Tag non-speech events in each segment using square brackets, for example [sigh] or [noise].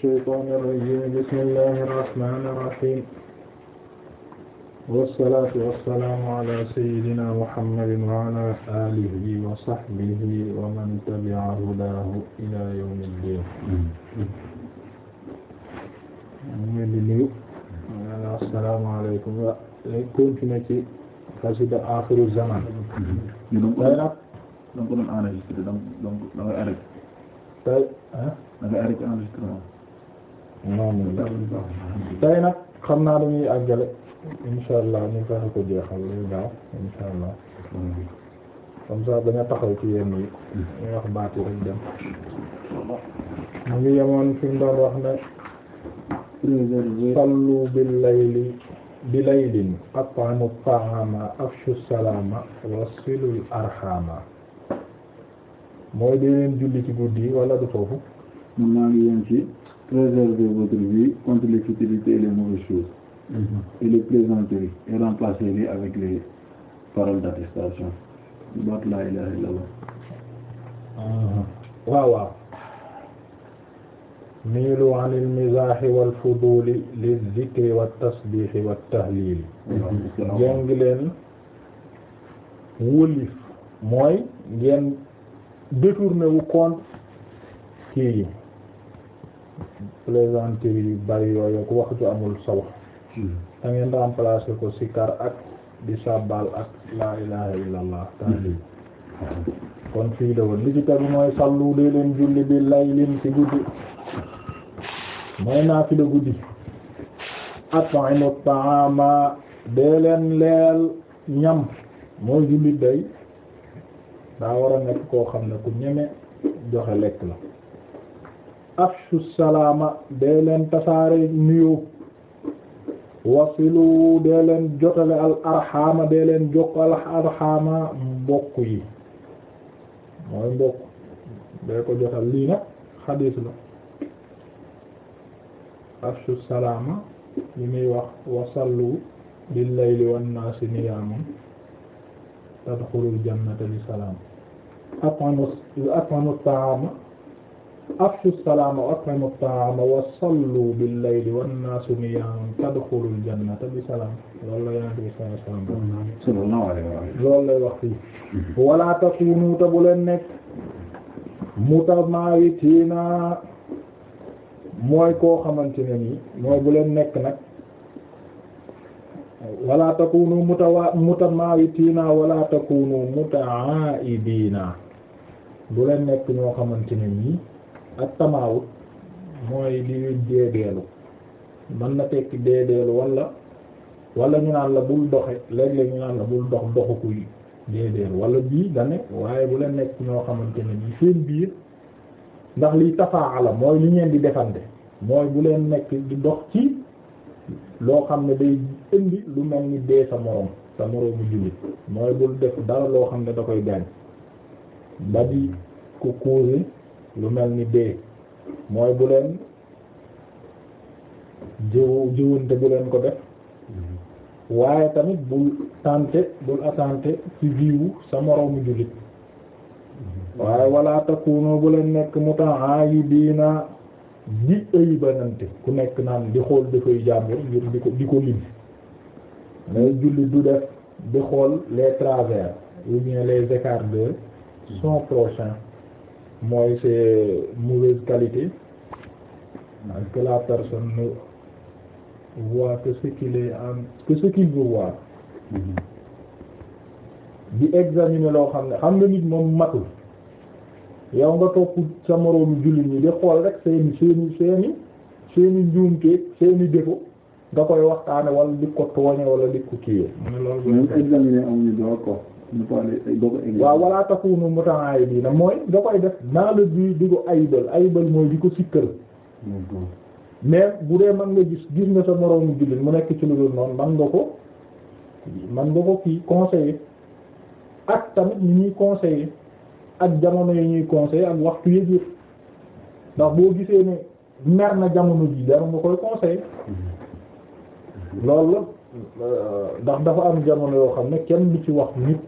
shaytaani rajiim bismillaahi rahmaani rahiim wassalaatu wassalaamu alaa sayyidinaa muhammadin wa alaa aalihi wa sahbihi wa man tabi'a hudaahu ilaa yawmi ddiin ñu ngi nuyu assalaamu alaykum wa lay continuer ci xasida aaxiru zaman tey da nga arrêté enregistrement tey nag xam naa dañuy àggale insha allah ñu fexe ko jeexal lu gaaw insha allah comme ça dañu taxaw ci yenn yi ñu wax baati rek dem mu ngi yemoon fi doon wax ne sallu bil layli bi laylin afshu salaama wasilul arhama mooy dee leen julli ci guddi wala du foofu mun naa ngi yem ci préserver votre vie contre les futilités et les mauvaises choses mm -hmm. et les plaisanteries et remplacez-les avec les paroles d'attestation baat laa ilaaha illallah mhm. waaw waaw miilu an il mizaahi wal fuduli li zikri wat tasbiixi wat tahliili jàng leen wulif mooy ngeen détourné wu compte kii yi plaisanterie yu bari yooyu ku wax amul solo da ngeen remplacer ko sikar ak di sabbal ak laa ilaha illallah taali hmm. kon fii la woon li ci tegu mooy sallu dee leen julli bi laylin ci guddi mooy naafila guddi at'imu ta'ama dee leen leel ñam mooy jullit day daa war a nekk koo xam ne ku ñeme joxe lekk la afshu salaama dee leen tasaare nuyoo wasilu dee leen jotale al arxaama dee leen jokk al arxaama mbokk yi mooy mbokk dee ko jotal lii nag xadiis la afshu salaama li muy wax wasallu bil layli wan naasi niyaamun tadxulul jannata bi afshu salaama wa akramu ta'aama wa sallu bil layli wan naasu niyaam tadxulul jannata bi salaam loolu la yonent lay wax fii wala takunu ta bu leen nekk mutamaayitina mooy koo xamante ne nii mooy bu leen nekk nag wala takunu mutawa mutamaayitina wala takunu mutaa'idiina bu leen nekk ñoo xamante ne ak tamaawut mooy li ñuy deedeelu mën na tekk deedeelu wala wala ñu naan la bul doxe léeg ñu naan la bul dox doxu kuy deedeelu wala bii dane waaye bu la nekk ñoo xamante ni seen biir ndax liy tafaala mooy li ngeen di defante mooy bu leen nekk di dox ci loo xam ne day indi lu mel ni dee sa moroom sa moroomu jullit mooy bul def dara loo xam ne da koy gaañ ba di ko causer lu mel ni dee mooy bu leen jiwu jiwunte bu leen ko def waaye tamit bul tenter bul attenter ci viwu sa moroomu jullit waaye wala takunu bu leen nekk muta'ayidiina di ay banante ku nekk naan di xool dafay jàmbur ngir di ko di ko lim mais jullit du def di xool les travers ou bien les écarts de son prochain mooy c'est mauvaise qualité parce que la personne ne voit que ce qu'il est en que ce qu'il veut voir mm-hmm. di loo xam ne xam nga nit moom matul yow nga topp sa moroom jullit ñi di xool rek seeni seeni seeni seeni seeni défaut nga koy waxtaane wala di ko tooñe wala di ko kiyee. loolu examiner amuñu doo ko. waaw wala takunu muta'ayidiina mooy da koy def naa la bi di ko ayibal ayibal mooy di ko sikkal mais bu dee man nga gis gis nga sa moroomu jullit mu nekk ci lu dul noonu man nga ko man nga ko kii conseiller ak tamit ñi ñuy conseiller ak jamono yi ñuy conseiller ak waxtu yëg yëpp ndax boo gisee ne mer na jamono jii dara nga koy conseiller mm-hmm. loolu euh, ndax dafa am jamono yoo xam ne kenn du ci wax nit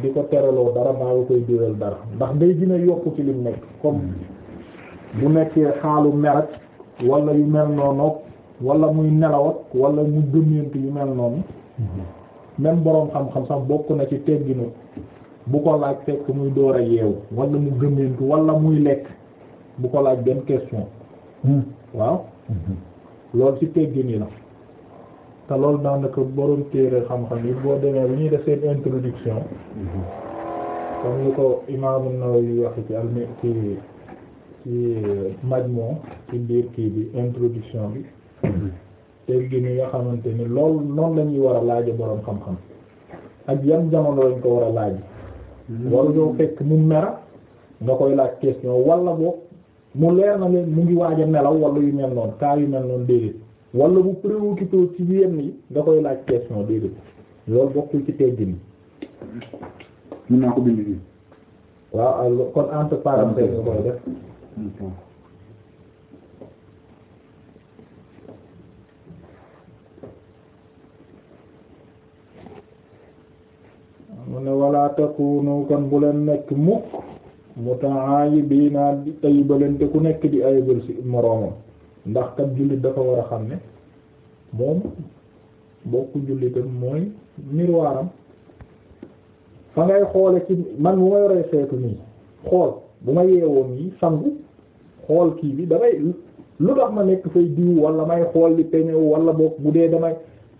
di ko teraloo dara baa nga koy déwél dara ndax day gën a yokk ci nekk comme bu nekkee xaalu merat wala yu mel noonu walla muy nelawat walla mu gëmënt yu mel noonu même boroom xam-xam sax bokk na ci tegginu bu ko laaj fekk muy door a yeewu wala mu gëmënt wala muy lekk bu ko laaj benn question hmm. waaw hmm. loolu ci teggini na te loolu daanaka borom téere xam-xam yi boo demee bi ñuy def seen introduction comme ni ko imaamu Nawawi wax ci al ci ci Majmu ci biir kii bi introduction bi teg gi yi nga xamante ni lool noonu lañuy war a laaje boroom xam-xam ak yan jamono lañ ko war a laaj wala ñoo fekk mu mera nga koy laaj question wala boo mu leer na leen mu ngi waaj a nelaw wala yu mel noonu kaa yu mel noonu déedéet wala bu préoccupé ci yenn yi da koy laaj question déedéet loolu bokkul ci teggin mën naa ko bind nii waaw kon entre parenthèses nga koy def mu ne wala takunu kon bu leen nekk mukk mutaayibiina di ayibalante ku nekk di ayibal ci moroomam ndax kat jullit dafa war a xam ne moom bokku jullitam mooy miroiram fa ngay xoole ci man bu ma yoree seetu nii xool bu ma yeewoon nii sangu xool kii bi damay lu tax ma nekk fay diw wala may xool li peñew wala boog mu dee damay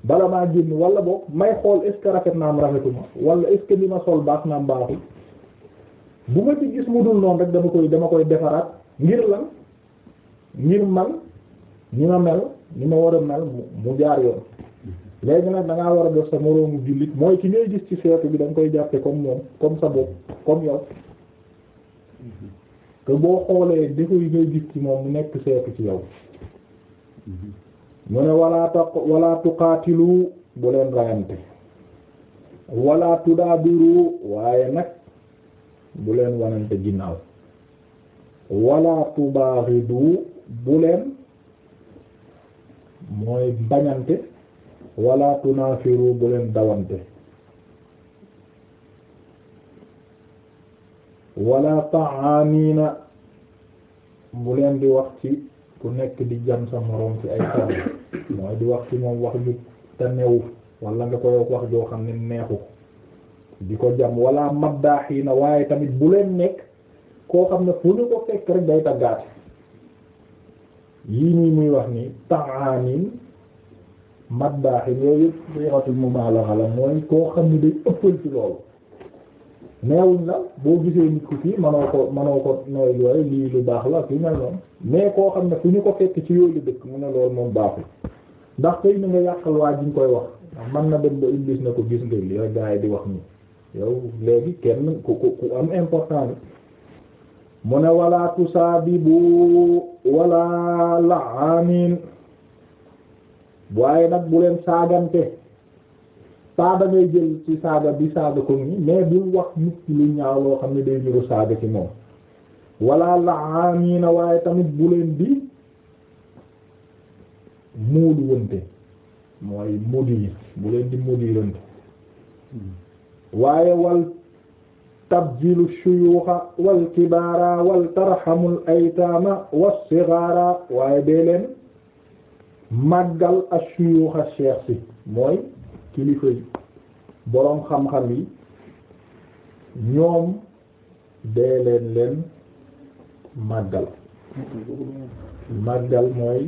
bala maa génn wala boog may xool est ce que rafet naam rafetuma wala est li ma sol baax naam baaxul bu ma ci gis mu dul noonu rek dama koy dama koy defaraat ngir lan ngir man ni ma mel ni ma war a mel mu jaar yoon léegi nag da war a def sa moroomu jullit mooy ki ngay gis ci seetu bi da koy jàppe comme moom comme sa bopp comme yow te boo xoolee défaut yi ngay gis ci moom mu nekk seetu ci yow mu ne wala ta wala tuqaatilu bu leen rayante wala tudaabiru waaye nag bu leen wanante ginnaaw wala tubaaxidu bu leen mooy bañante wala tunaafiru bu leen dawante wala taaniina bu leen di wax ci ku nekk di jam sa moroom ci ay kàddu mooy di wax ci moom wax ju te newu wala nga koy wax joo xam ne neexu di ko jam wala maddaaxiina waaye tamit bu leen nekk koo xam ne fu ñu ko fekk rek day taggaate yii nii muy wax ni ta'anin maddaxin yooyu yëpp sifatul mubaalaxa la mooy koo xam ne day ëppal ci loolu neewuñ la boo gisee nit ko fii manoo ko manoo ko nooy yooyu lii lu baax la fi mel noonu mais koo xam ne fu ñu ko fekk ci yooyu dëkk mu a loolu moom baaxul ndax tey ni nga yàqal waa ji koy wax man na dem ba iblis na ko gis nga li la gars di wax nii yow léegi kenn ku ku ku am important mu ne wala tusaabibu wala laamin waaye nag bu leen saagante saa da jël ci saaga bi saaga ko ni mais bul wax nit ci ñaaw loo xam ne day niru saaga ci moom la laamiina waaye tamit bu leen di muudu wante mooy mudi bu leen di mudi wante hmm. waaye wal tabjilu shuyuuxa wal kibaara wal tarhamul aytaama was sigaara waaye dee leen màggal ak shuyuuxa cheikh si mooy kilifa yi boroom xam-xam yi ñoom dee leen leen màggal màggal mooy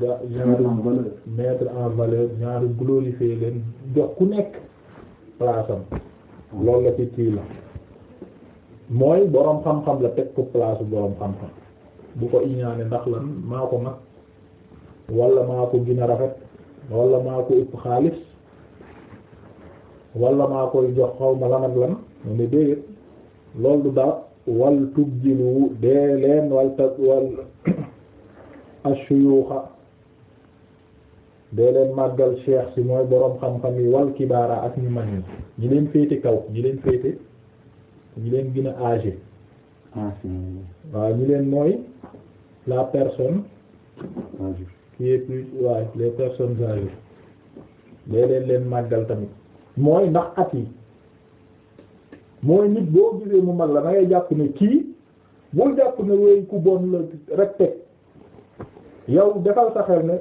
ga mettre en valeur en valeur ñaari leen jox ku nekk place am la ci kii la mooy borom xam-xam la teg ko place borom xam-xam bu ko iñaane ndax lan maa ko mag wala maa ko gën rafet wala maa ko ëpp xaalis wala maa koy jox xaw ma lan ak lan mu ne déedéet loolu du daal wal tubjilu dee leen wal ta wal [coughs] ashuyuxa dee leen màggal cheikh si mooy borom xam-xam yi wal kibaara ak ñu mag ñi ñi leen féete kaw ñi leen féete ñi leen gën a âgé ah, waaw ñi leen mooy la personne ah, qui est plus waaye les personnes âgées léeg leen leen màggal tamit mooy ndax at yi mooy nit boo gisee mu mag la a ngay jàpp ne kii bul jàpp ne wéy ku bon la rek teg yow defal sa xel ne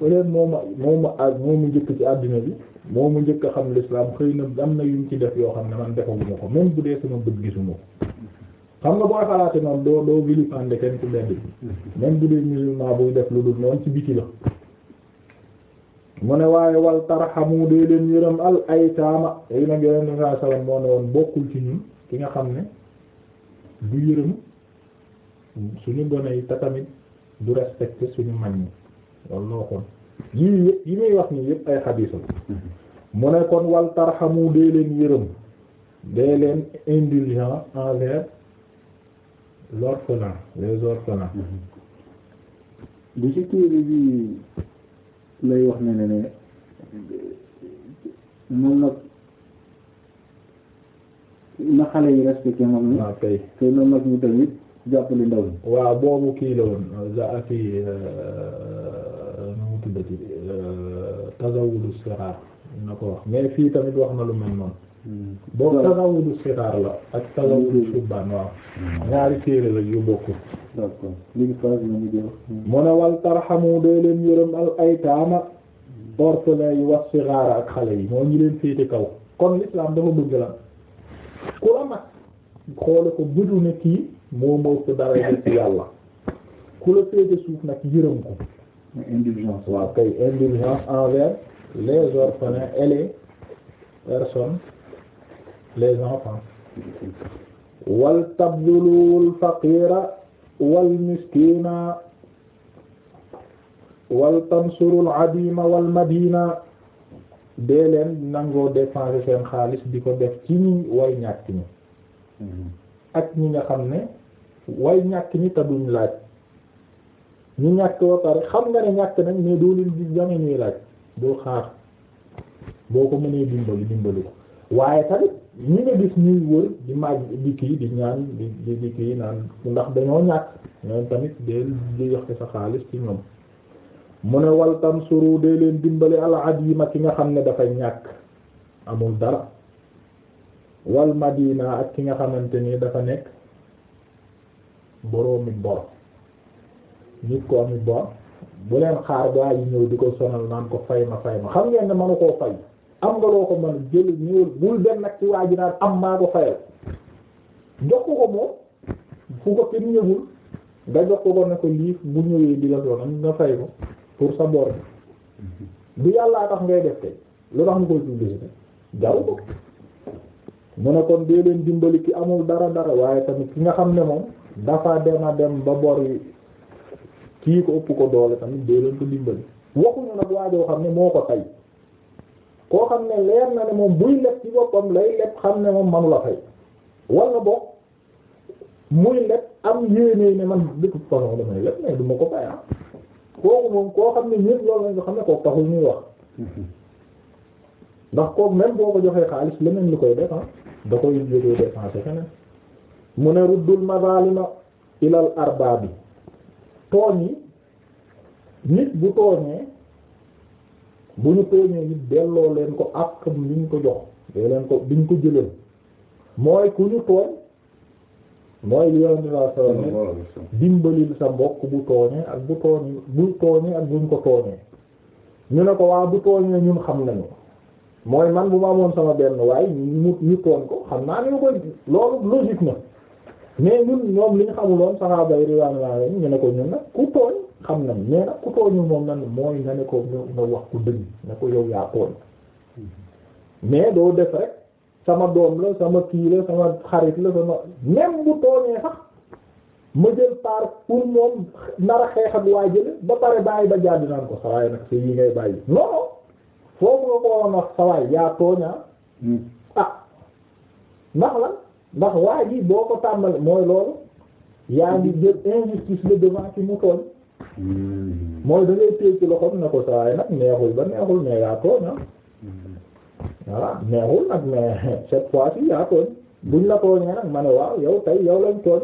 peut-être moom a moom a moom njëkk ci àddina bi moo ma njëkk a xam l'islam xëy na am na yuñ ci def yoo xam ne man defaguma ko même bu dee sama bët gisuma ko xam nga booy xalaate bi même bu dee musulman buy def lu dul ci biti la mu waaye wal tarxamu dee leen yërëm al aytaama yi nag yonent bi sallallahu alayhi moo ne woon bokkul ci ñun ki nga xam ne du yërëm suñu gone yi te du respecté suñu mag ñi loolu loo yii yëpp yi muy wax nii yëpp ay xadiis la mu ne kon wal tarxamu dee leen yërëm dee leen indulgent envers l'orphelin les orphelins bi ci téere lay wax ne ne ne moom nag na xale yi respecté moom ni ah, kay te noonu nag ñu tamit jàppale ndaw ñi boobu kii la woon za- kii euh, tuddati euh, tazawudu na ko wax mais fii tamit wax na lu mel noonu hmm. boobu tazawudu siraar la ak tazawudu hmm. subbaan waaw hmm. ñaari téere la yu bokkul d'accord léegi phrase bi dee leen yërëm al aytaama orphelin yi wax siraara ak xale yi moo ñu leen féete kaw kon l'islam dafa bëgg la ku la mag xoole ko bëtu ne kii moo moo ko dara ci yàlla ku la féete suuf nag yërëm ko indulgence waaw kay indulgence envers les orphelins et les personnes les wal tabdulul wal miskina wal tansurul wal madina dee leen nangoo dépenser seen xaalis bi ko def ci ñi way ñàkk ñi mm-hmm. ak ñi nga xam ne way ñàkk ñi te duñ laaj ñu ñàkk ba pare xam nga ne ñàkk nañ mais doo leen gis jamais ñuy laaj boo xaar boo ko mënee dimbali dimbali ko waaye tamit ñi nga gis ñuy wër di màgg di kii di ñaan di di kii naan ndax dañoo ñàkk ñoom tamit deel di yoxte sa xaalis ci ñoom mu ne wal tansuru dee leen dimbali alaaj yi ma ki nga xam ne dafa ñàkk amul dara wal madina ak ki nga xamante ni dafa nekk boroomi bor nit ko amit bor bu leen xaar gaa yi ñëw di ko sonal naan ko fay ma fay ma xam ngeen ne manu koo fay am nga loo ko mën jël ñëwul bul dem nag ci waa ji naan am maa ko fayal nga jox ko ko ne ko lii bu nga fay ko pour sa bor bi du tax ngay def tey lu tax ñu koy publicité jaru ko mu ne kon dee leen dimbali ki amul dara dara waaye tamit ki nga xam ne moom dafa dema dem ba bor kii ko ëpp ko doole tamit doo leen ko dimbali waxuñu nag waajoo xam ne moo ko tay koo xam ne leer na ne moom buy leb ci boppam lay leb xam ne moom manu la fay wala boog muy leb am yéene ne man de toute façon damay leb mais ko fay ah. kooku moom koo xam ne ñëpp loolu la nga xam ne kooku taxul ñuy wax ndax kooku même boo ko joxee xaalis leneen lu koy def ah, da koy jógee dépensé feneen mu ne ruddul mazalima ilal arba bi tooñ yi nit bu tooñee bu ñu tooñee nit delloo leen ko ak li ñu ko jox dee leen ko bi ñu ko jëlee mooy ku ñu tooñ mooy li yonent la sallam dimbalil sa mbokk bu tooñee ak bu tooñ bu tooñee ak buñ ko tooñee ñu ne ko waa bu tooñee ñun xam nañu mooy man bu ma amoon sama benn waaye ñu ñu tooñ ko xam naa ne ñu koy loolu logique na mais ñun ñoom li ñu xamuloon saxaaba yi riwaan laa leen ne ko ñun nag ku tooñ xam na mais nag ku tooñu moom nan mooy nga ne ko nga wax ku dëgg ne ko yow yaa tooñ mais doo def rek sama doom la sama kii la sama xarit la sama même bu tooñee sax ma jël par pour moom nar a xeex waa jële ba pare bàyyi ba jàdd naan ko sawaay nag si yi ngay bàyyi non foofu nga ko waroon wax sawaay yaa tooñaa hmm. ah ndax lan ndax waa ji boo ko tàmbali mooy loolu yaa ngi jël injustice le devant ci mu tooñ hmm. mooy da ngay téye ci loxoom ne ko sawaay nag neexul ba neexul mais yaa tooñ ah hmm. neexul nag mais [laughs] cette fois yaa tooñ buñ la tooñee ma ne waaw yow tey yow lañ tooñ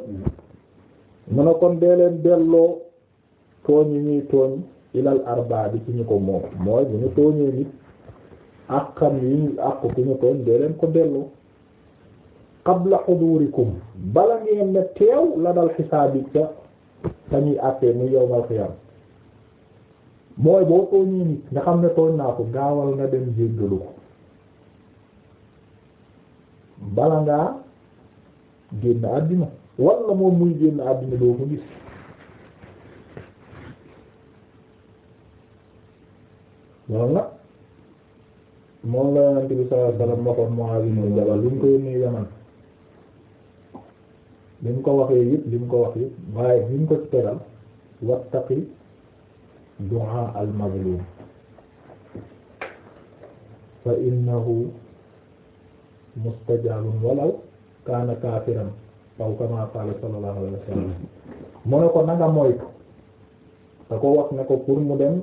mu hmm. ne kon dee leen delloo tooñ yi ñuy tooñ ilal arbaa bi ci ñu ko moom mooy bu tooñee nit àqam yi àq ku ñu tooñ dee leen ko delloo qabla xudurikum bala ngeen ne teew la dal xisaab yi ca dañuy àttee muy yowmal xiyam mooy boo tooñee nit nga xam ne tooñ naa ko gaawal nga dem jéggalu ko bala ngaa génn àddina walla moom muy génn àddina doo ko gis loolu nag moom la yonent bi sallallahu alayhi wasallam waxoon Muaz ibn Jabal lu ñu koy nuyu li mu ko waxee yëpp li mu ko wax yëpp waaye li mu ko ci teral wattaqi du'a al mazlum fa innahu mustajabun walaw kaana kaafiran aw kama qala sallallahu alayhi wa mu ne ko nanga moytu da ko wax ne ko pour mu dem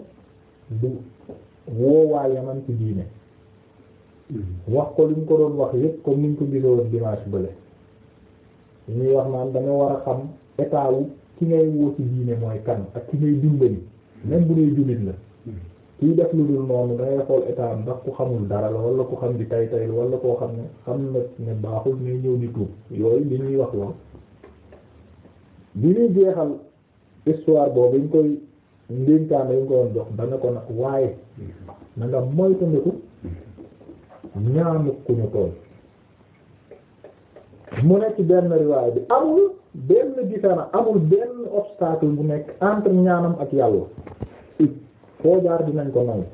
du woowaa yaman ci diine mm-hmm. wax ko li mu ko doon wax yëpp comme ni ñu ko gisoon dimanche bële ñuy wax naan danga war a xam état wu ki ngay woo ci diine mooy kan ak ki ngay dimbali même bu dee jullit la kiy def lu dul noonu dangay xool état ndax ku xam ne xam ne baaxul ne ñëw di tuub yooyu li ñuy wax lool bi ñuy jeexal histoire boobu ñu koy ndénkaan dañ ko doon jox dana ko nag waaye hmm. na nga moytandiku hmm. ñaanu ku ñu toll mu nekk ci benn riwaay bi amul benn différence amul benn obstacle bu nekk entre ñaanam ak yàlla foo jaar dinañ ko nangu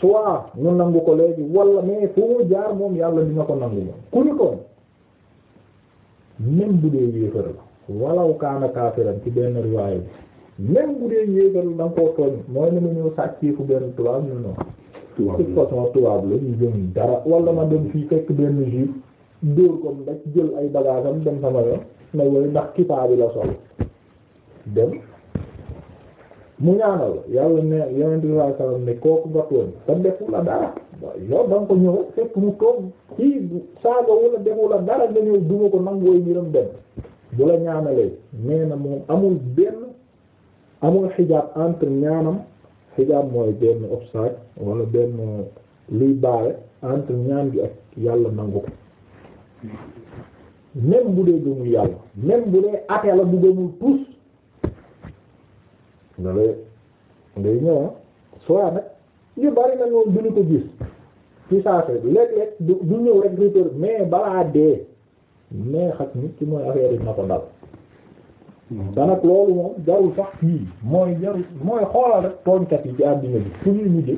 soit ñu nangu ko léegi wala mais foo jaar moom yàlla dina ko nangu moom ku ñu toon même bu dee yéefar la walaw kaana kaafiran ci benn riwaay bi même bu dee yéefar la da koo tooñ mooy ne mu ñëw sàccee fu benn tubaab ñu noonu de toute façon tubaab la jëm dara wala ma dem fii fekk benn juif dóor ko ba jël ay bagage dem sama yooyu ndax kitaabi la sol dem mu ñaanal yàlla ne yonent bi sallallahu alayhi wasallam nga tooñ defu la dara nga ko ñëw fekk mu toog kii duma ko nangooy miram dem bu la ñaanalee nee na moom amul benn amul xijaab entre ñaanam xijaab mooy benn obstacle wala benn luy baare entre ñaan gi ak yàlla nangu ko même bu dee gëmul yàlla même bu dee ate la bu gëmul tous nga lay ngay ñëwa ah, sooya bari na ñoom duñu ko gis ci saase léeg-léeg du du ñëw rek réper mais balaa dee mais xat nit ci mooy affaire na ko dal hmm. te loolu moom jarul sax fii mooy jarul mooy xoolal rek tooñkat yi ci àddina bi fu ñuy mujje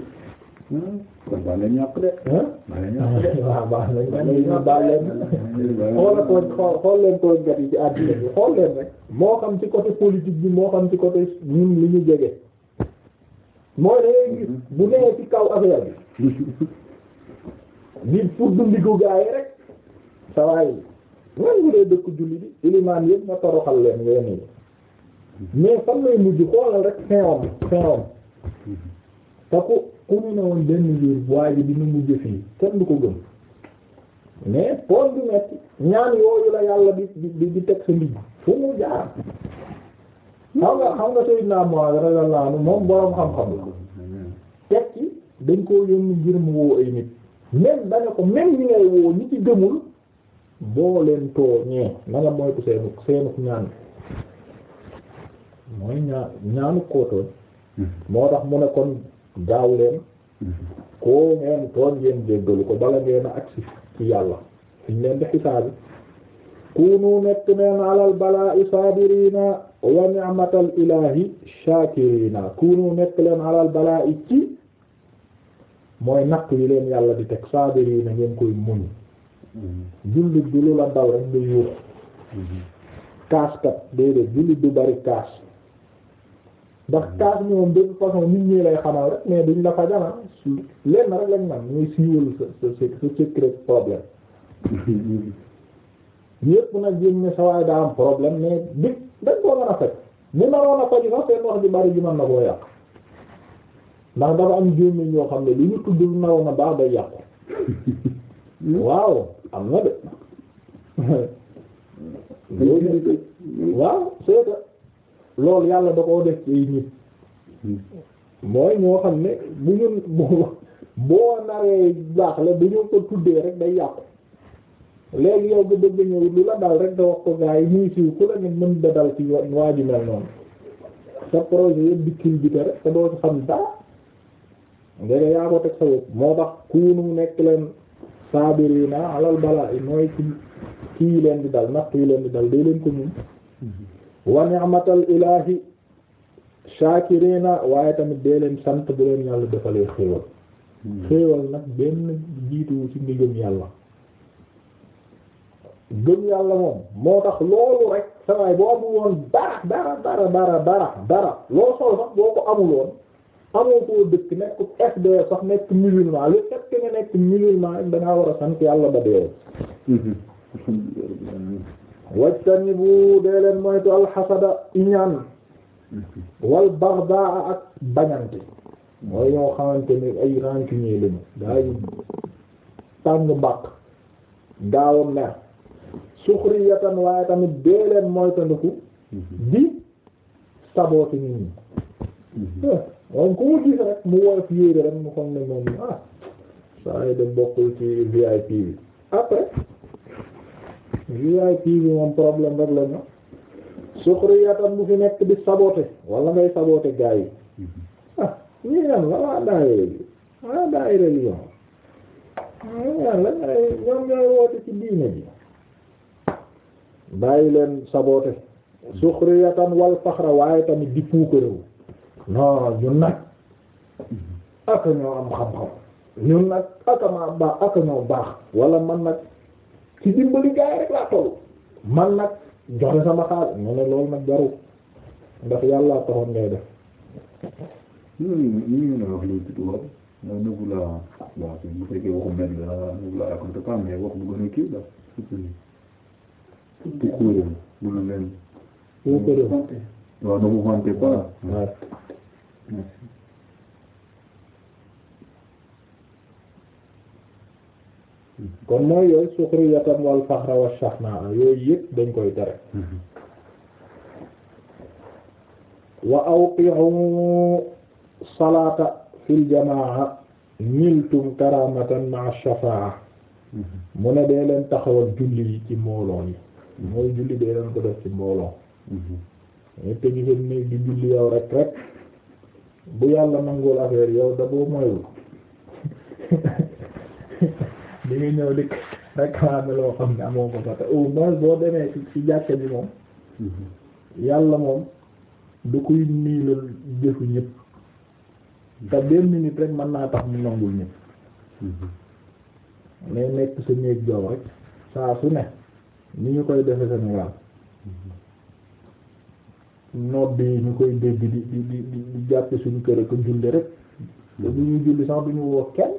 ba la ñàkk de. baax nañ ma ne ma baal leen. xoolal ko xool xool leen ko gàtt ci àddina bi di leen moo xam ci côté politique bi moo xam ci côté ñun li ñu jege. mooy da gis bu nee ci kaw affaire bi. nit pour dundiku gaa yi rek. sa waay man bu dee dëkk julli bi ilimaan yëpp nga toroxal leen nga yéen mais fan lay mujj xoolal rek fin om ku ñu ne woon benn jour waa ji dina mujj fii kenn du ko gëm mais pool bi metti ñaan yooyu la yàlla di di di teg sa ndigg fu mu jaar xam nga xam nga Seydina Muaaz radiyallahu anhu dañ woo nit ko même ñi gëmul boo leen tooñee na nga moytu seenu seenu ñaan mooy ñaanu koo tooñ hmm. moo tax mu ne kon gaaw leen koo ngeen tooñ ngeen jéggalu ko bala ngeen a agsi ci yàlla fiñ leen di xisaabi kunu nekk neen alal balaa i saabirina wa ni'matal ilaahi shaakirina kunu nekk leen alal balaa i ci mooy natt yi leen yàlla di teg saabirina ngeen koy muñ jullit du la dal rek nga yuux mm-hmm. kaaskat déedéet jullit du bari kaas ndax kaas bi moom de toute façon nit ñi lay xamal rek mais duñ la fa jana ah. lenn rek lañ man ñuy siiwal sa sa sa secret problème ñépp nag yéen ne sa waay daa am problème mais bi dañ koo mën a faj mu naroon a faj sax seen wax ji bari ji na koo yàq ndax dafa am ne li ñu tudd lu naroon a baax day yàqu waaw am na de loolu yàlla da koo def ci nit mooy ñoo xam ne bu ñu boo naree baax la bu ñu ko tuddee rek day yàqu léegi yow bu bëgg ñëw lu la dal rek da wax ko gars yi ñuy siiw ku la ne mën da dal ci waa ji mel noonu sa projet yëpp di culbute rek te doo ci xam dara ndege yaa ko teg sa bopp moo tax kuunu nekk leen saabiriina alal balaa mooy kii leen di dal natt yi leen di dal day leen ko mun wa ni'matal ilahi shakirina waaye tamit dee leen sant bu leen yàlla defalee xéewal hmm. xéewal nag benn jiituwu ci ngi gëm yàlla gëm yàlla moom moo tax loolu rek sawaay boo amul woon dara dara dara dara dara loo sol sax boo ko amul woon amoo koo dëkk nekk FDR sax nekk musulman le fait que nekk musulman da war a sant yàlla ba dee hmm. [laughs] wajtani bu dee leen moytu alxasada iñaan wal baxdaa ak bañante mooy ñoo xamante ni ay rancunier lañu daa yu tàng mbàq a mer suxriyatan waaye tamit dee leen moytandiku di sabooti nit ñi moom ku mu gis rek mu woyof yéere rek mu xam ne moom ah saa yi de bokkul ci VIP bi après VIP bi moom problème rek la ñu bu fi nekk di saboter wala ngay saboter gars yi ah ñii la waa ñoom ñooy woote ci diine bi bàyyi leen saboter suxriyatan wal faxra waaye tamit di puukarewu non ñun nag ak ñoo am xam-xam ñun nag ak maa baax ñoo baax wala man nag ci dimbali gaay rek laa toll man nag joxe sama xaalis ma ne loolu nag jarul ndax yàlla taxoon ngay def. yooyu la wax loolu ci tubaab la nëbbu la waaw bu fekkee waxu mel la nëbbu la raconte pas mais wax bu gën a kii la surtout kóoróo bu lu leen. kóoróo waaw ne vous vantez pas. kon mooy yooyu suxriyatan wal faxra wa shahna yooyu yëpp dañ koy tere wa awqi'u salaata fil jamaa niltum karamatan ma'a shafaa mu ne dee leen taxawal julli yi ci mbooloo yi mooy julli dee leen ko def ci mbooloo mais te ñu ne di julli yow rek rek bu yàlla nangul affaire yow da boo moyul [laughs] da ngay ñëw di réclamer loo xam ne amoo ko fa te au boo demee si ci jàkka bi moom mhm. yàlla moom du koy niilal jëfu ñëpp te benn minute rek mën naa tax mu nangul ñëpp mais mhm. nekk sa néeg jow rek saa su ne ni ñu koy defe Sénégal mhm. nodd yi ñu koy dégg di di di di jàppe suñu kër ak julli rek te bu ñuy julli sax du ñu woo kenn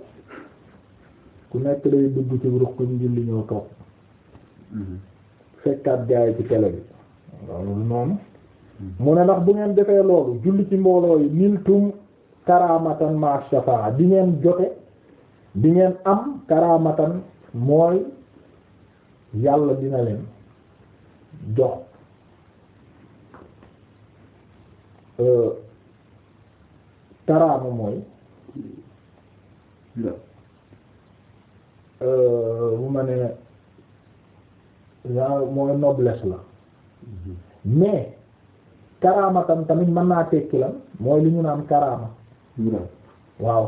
ku nekk day dugg ci ruqum julli ñoo toog mhm. fekkaat gaay ci télé bi loolu mu ne ndax bu ngeen defee loolu julli ci mbooloo yi niltum karamatan ma shafaa di ngeen jote di ngeen am karamatan mooy yàlla dina leen jox karaama euh, mooy bu euh, ma ne genre mooy noblesse la mhm. mais karaama tamit mën naa tekki lan mooy li ñu naan karaama waaw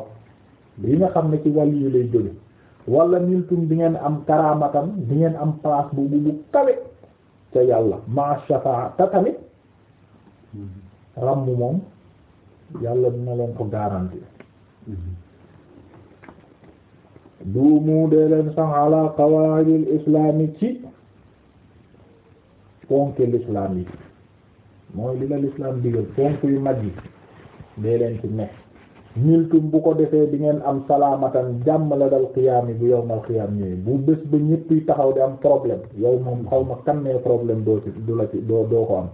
yi nga xam ne ci wall yu lay jóge wala miltum di ngeen am karaamatam di ngeen am place bu bu bu kawe ca yàlla ma shafaa te tamit mhm. ràmm moom yàlla dina leen ko garanti mhm. duumu dee leen sax ala qawaidil islami ci ponk l'islam yi mooy li la l'islam digal ponk mag yi dee leen ci ne miltum bu ko defee di ngeen am salaamatan jàmm la dal xiyaam yi bu yowmal xiyaam ñëwee bu bés ba ñëpp taxaw di am problème yow moom xaw ma kan nee problème doo ci du la ci doo doo ko am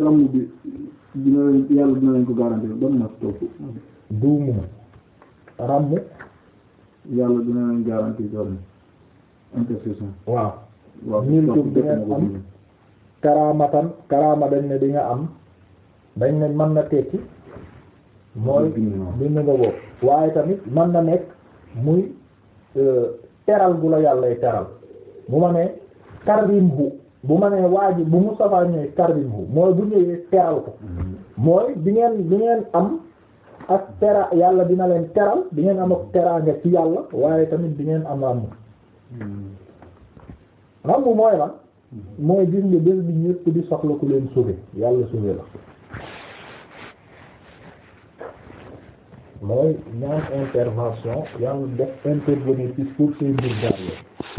ramu bi dina yàlla dina lañ ko garanti ban mas topp duumu ramu yàlla dina lañ garanti doon intercession waaw waaw ñun ko am karaamatan karaama dañ ne di nga am dañ ne mën na tekki mooy bind nga boobu waaye tamit man na nekk muy euh, teral gu la yàllay teral bu ma ne karim bu ma nee waa ji bu Moustapha ñëwee karbinhu mooy bu ñëwee teral ko mm-hmm. mooy di ngeen di ngeen am ak tera yàlla dina leen teral di ngeen am ak teraanga ci yàlla waaye tamit di ngeen am ràmm mm-hmm. ràmm mooy lan mm-hmm. mooy gis nga bés bi ñëpp di soxla ku leen sauver yàlla sauver la mooy ñaan intervention yàlla def intervenir ci pour seen mbir daal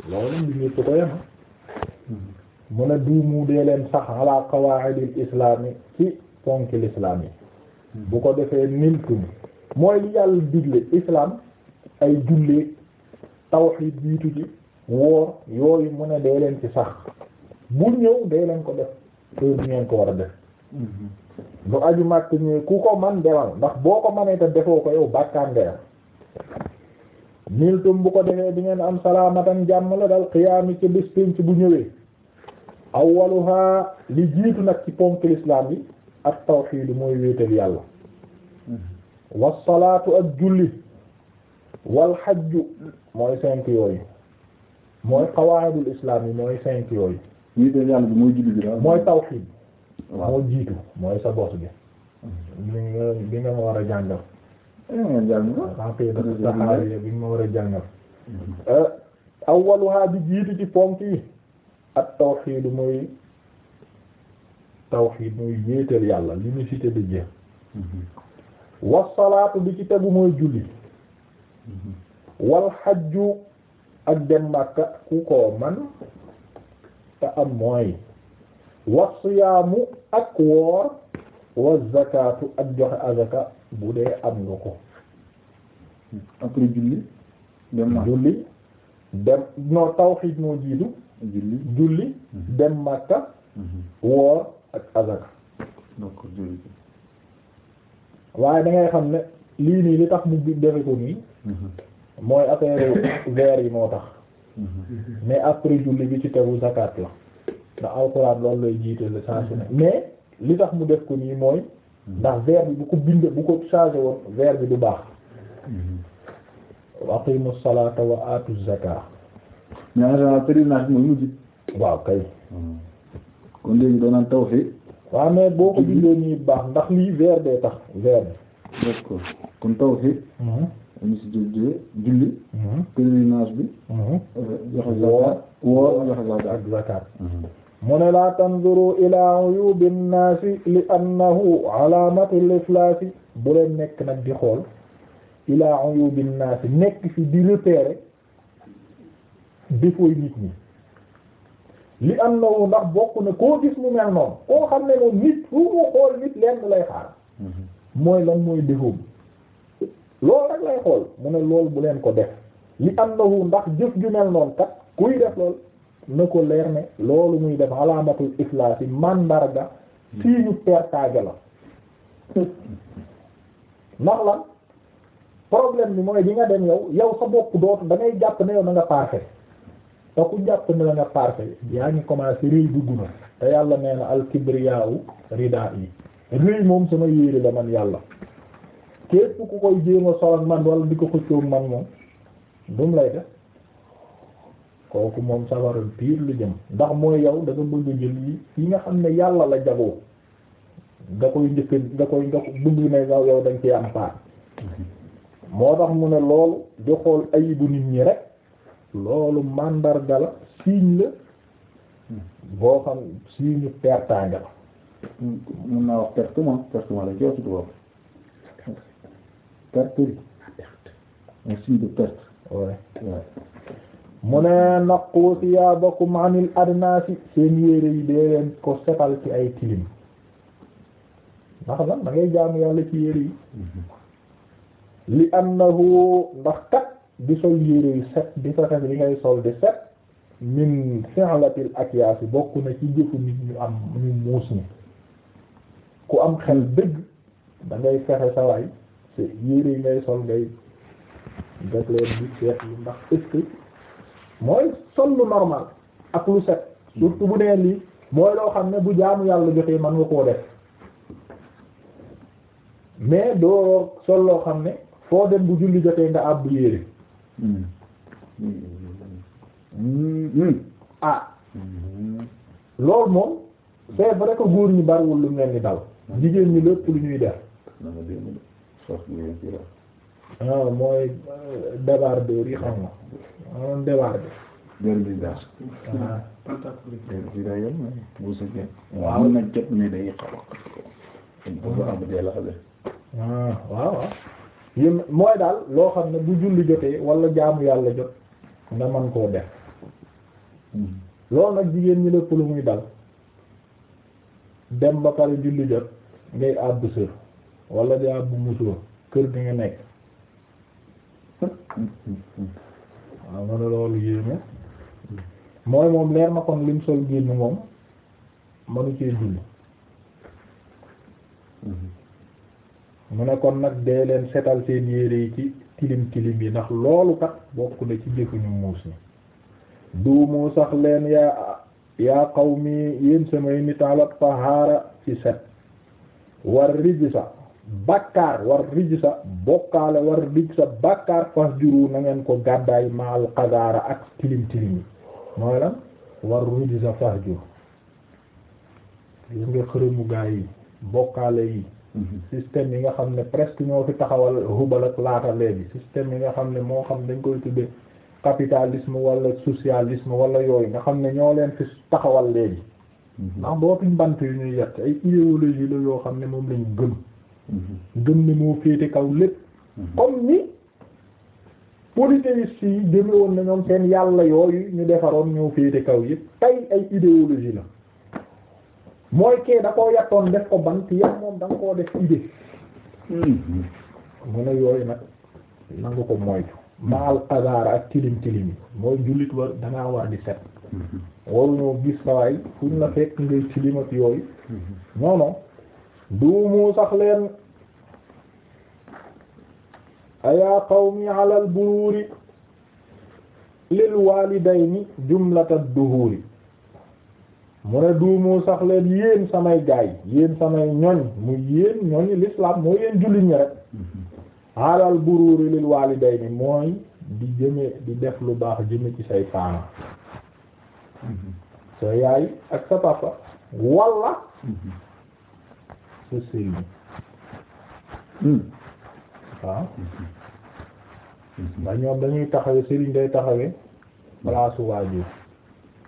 loolu ñu ñëpp ko yema mu a duumu dee leen sax ala islaam islaami ci ponki l'islam yi bu ko defee niltum mooy li yàlla digle islam ay jullee tawxiid jiitu ji woor yooyu mu ne dee leen ci sax bu ñëw dee leen ko def tey du ngeen ko war a def lu aju màtt ñi ku ko man demal ndax boo ko manee te defoo ko yow bàkkaan nga yam niltum bu ko defee di ngeen am salaamatan jàmm la dal xiyaami ci bis pénc bu ñëwee awwaluha li jiitu nag ci ponk l'islam bi ak tawxiid mooy wéetal yàlla mm-hmm. wasalaatu ak julli wal xajju mooy cinq yooyu mooy qawaidul islam yi mooy cinq yooyu wéetal mooy julli mooy jiitu mooy sa bos mm-hmm. eh, bi bi nga bi nga ma war a jàngal bi nga ma war a jàngal awwaluha bi jiitu ci ponk yi ak tawxiidu mooy tawxiid mooy yéetal yàlla l'unicité de Dieu mm-hmm. wasalaatu bi ci tegu mooy julli mm-hmm. wal xajju ak dem Makka ku ko man te am mooy wasiyaamu ak woor wa zakaatu ak joxe azaka bu dee am nga ko après julli julli dem non tawxiid moo jiitu julli julli dem Makka mhm. woor ak azaka waaye da xam ne lii nii li tax mu defe ko nii mhm. mooy affaire weer yi moo tax mhm. mais après julli bi ci tegu zakat la ndax alxuraan loolu lay jiitale saa su ne mais li tax mu def ko nii mooy ndax weer bi bu ko bindee bu ko changé woon weer bi du baax aqimu salata wa atu zakat mais en général pèlerinage mooy mujj. waaw kay. kon léegi doo naan taw boo ko bindee nii baax ndax lii weer bee tax weer kon taw fii. dañu mhm. si jël julli. Mhm. Mhm. mu ne laa tanzuru ilaa uyubi nnaasi li annahu alaamatu liflaasi bu nekk nag di xool ilaa uyubi nnaasi nekk fi di repérer. défaut yi nit ñi li am na woo ndax bokk na koo gis mu mel noonu koo xam ne moom nit fu mu xool nit lenn lay xaar mhm. mooy lan mooy défaut bi loolu rek lay xool mu ne loolu bu leen ko def li am na wu ndax jëf ju mel noonu kat kuy def lool na ko leer ne loolu muy def alaamatul iflaas yi mandarga sii ñu pertage la ndax lan problème bi mooy di nga dem yow yow sa bopp dootu da jàpp ne yow na nga parfait te ku jàpp ne la nga parfait yaa ngi commencé rëy dugg na te yàlla nee na alkibriyaawu ridaa yi rëy moom sama yéere la man yàlla képp ku koy jéem a man wala di ko xëccoog man moom dum lay def kooku moom sawaral piir lu jëm ndax mooy yow da nga bëgg jël yi yi nga xam ne yàlla la jagoo nga koy njëkk nga koy nga bëgg na yow yow dañ ci am part mm-hmm. moo tax mu ne loolu di xool ayibu nit ñi rek loolu mandarga la signe la boo xam signe pertanga la mun naa wax perte moom perte moom la jox ci tubaab perte bi un signe de perte waaye mu ne naqu siyaabakum anil adnaasi seen yi dee ko setal ci ay tilim ndax nag da ngay jaamu yàlla ci yére yi mhm. li annahu ndax kat di sol yére yu set di fexe li ngay sol di set min fi'latil akyaas yi bokk na ci jëfu nit ñu am ñu muus ni ku am xel dëgg da ngay fexe sa waay te yére ngay sol ngay def leen di seet ndax est-ce que mooy sol lu normal ak lu set surtout bu nee lii mooy loo xam ne bu jaamu yàlla jotee mën nga koo def mais doo sol loo xam ne foo dem bu julli jotee nga àbb yére ah loolu moom c'est vrai que góor ñi bariwul lu leen ni dal jigéen ñi lépp lu ñuy def ah mooy débardeur yi xam nga ah débardeur. jërëjëf daal. ah. waaw na jot ne day xaw a. waaw waaw. yu mooy daal loo xam ne bu julli jotee wala jaamu yàlla jot nga mën koo def loolu nag jigéen ñi lépp lu muy dal dem ba pare julli jot ngay àbb sër wala di àbb musóor kër gi nga nekk waaw man loolu yéeme mooy moom leer na kon lim sol génn moom manu cee julli mu ne kon nag dee leen setal seen yére yi ci tilim tilim yi ndax loolu kat bokk na ci jëfuñu muus ni duumu sax leen yaa yaa qawmi yéen samay nit ala tahaara ci set war rijsa bàkkaar war rijsa bokkaale war rijsa bàkkaar fasjuru na ngeen ko gàddaay maal qadaara ak tilim tilim yi mooy lan war rijsa fasjur gis nga xërëmu gaa yi bokkaale yi système yi nga xam ne presque ñoo fi taxawal Hubal ak laata léegi système yi nga xam ne moo xam dañ koy tuddee capitalisme wala socialisme wala yooyu nga xam ne ñoo leen fi taxawal léegi ndax dootuñ bant yu ñuy yett ay idéologie la yoo xam ne moom lañ gëm gëm ne moo féete kaw lépp comme ni polythéistes yi gëme woon na ñoom seen yàlla yooyu ñu defaroon ñoo féete kaw yëpp tey ay idéologie la mooy kee da koo yattoon ko bant yow moom da nga koo def hmm. mu ne yooyu nag nangu ko moytu maal azara ak tilim tilim yi mooy jullit war dangaa war di set hmm. waruñoo gis sawaay fu la fekk ngay tilim ak yooyu hmm. non du mu sax leen alal buruuri lil waalidayni jumlata duhuuri mu ne duumoo sax leen yéen samay gaay yéen samay ñoñ mu yéen ñoñ l'islam moo yéen jullit ñi rek alal buruuri lil waaliday ni mooy di jëme di def lu baax jëme ci say faana sa yaay ak sa papa walla sa sëriñ waaw ah. ndax ñoom dañuy taxawee sëriñ day taxawee place waajur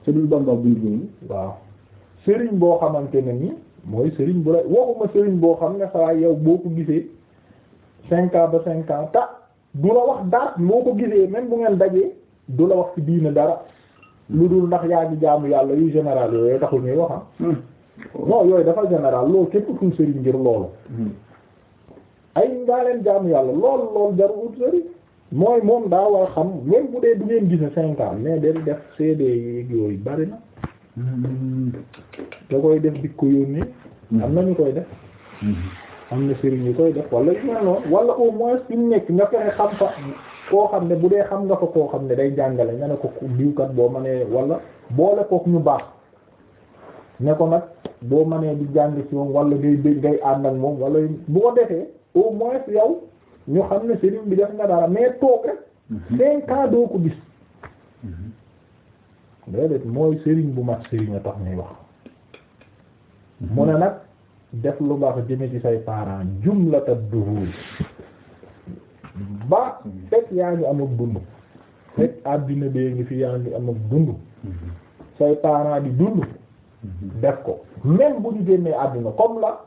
sëriñ Bamba buy buy waaw sëriñ boo xamante ne nii mooy sëriñ bu la waxuma sëriñ boo xam ne saa yow boo ko gisee cinq ans ba cinq ans ta du la wax dara boo ko gisee même bu ngeen dajee du la wax ci diina dara lu dul ndax yaa ngi jaamu yàlla yu général yooyu taxul ñuy wax ah. hmm. non yooyu dafa général loolu képp ku sëriñ ngir loolu hmm. ay ngaa leen jaamu yàlla lool lool jarul sëriñ mooy moom daa war xam même bu dee du ngeen gise cinq ans mais day def CD yeeg yooyu bari Hmm. da koy def di ko yónnee hmm. am na ñu koy def hmm. am na sëriñ yu koy def wala yu mel noonu wala au moins fi mu nekk nga fexe xam fa koo xam ne bu dee xam nga fa koo xam ne day jàngale nga ne ko diwkat boo ma mënee wala boole kook ñu baax ne ko nag boo mënee di jàng ci moom wala ngay dégg ngay ànd ak moom wala bu ko defee au moins yow ñu xam ne sëriñ bi def nga dara mais toog rek cinq ans doo ko gis déedéet mooy sëriñ bu mat sëriñ a tax ñuy wax mu ne nag def lu baax jëme ci say parents jumlatat duhur ba fekk yaa ngi am ak dund fekk àddina bee ngi fi yaa ngi am ak dund say parents di dund def ko même bu ñu génnee àddina comme la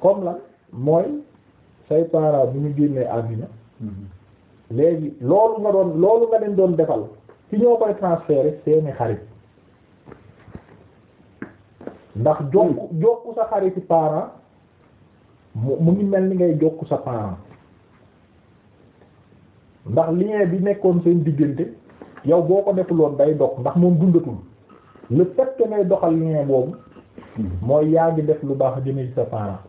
comme la mooy say parents bu ñu génnee àddina mm-hmm. léegi loolu nga doon loolu nga leen doon defal ci ñoo koy transférer seeni xarit ndax jokk hmm. jokku sa xarit ci parent mu mu ngi mel ni ngay jokku sa parent ndax lien bi nekkoon seen diggante yow boo ko defuloon day dox ndax moom dundatul le fait que ngay doxal lien boobu hmm. mooy yaa ngi def lu baax jëme ci sa parent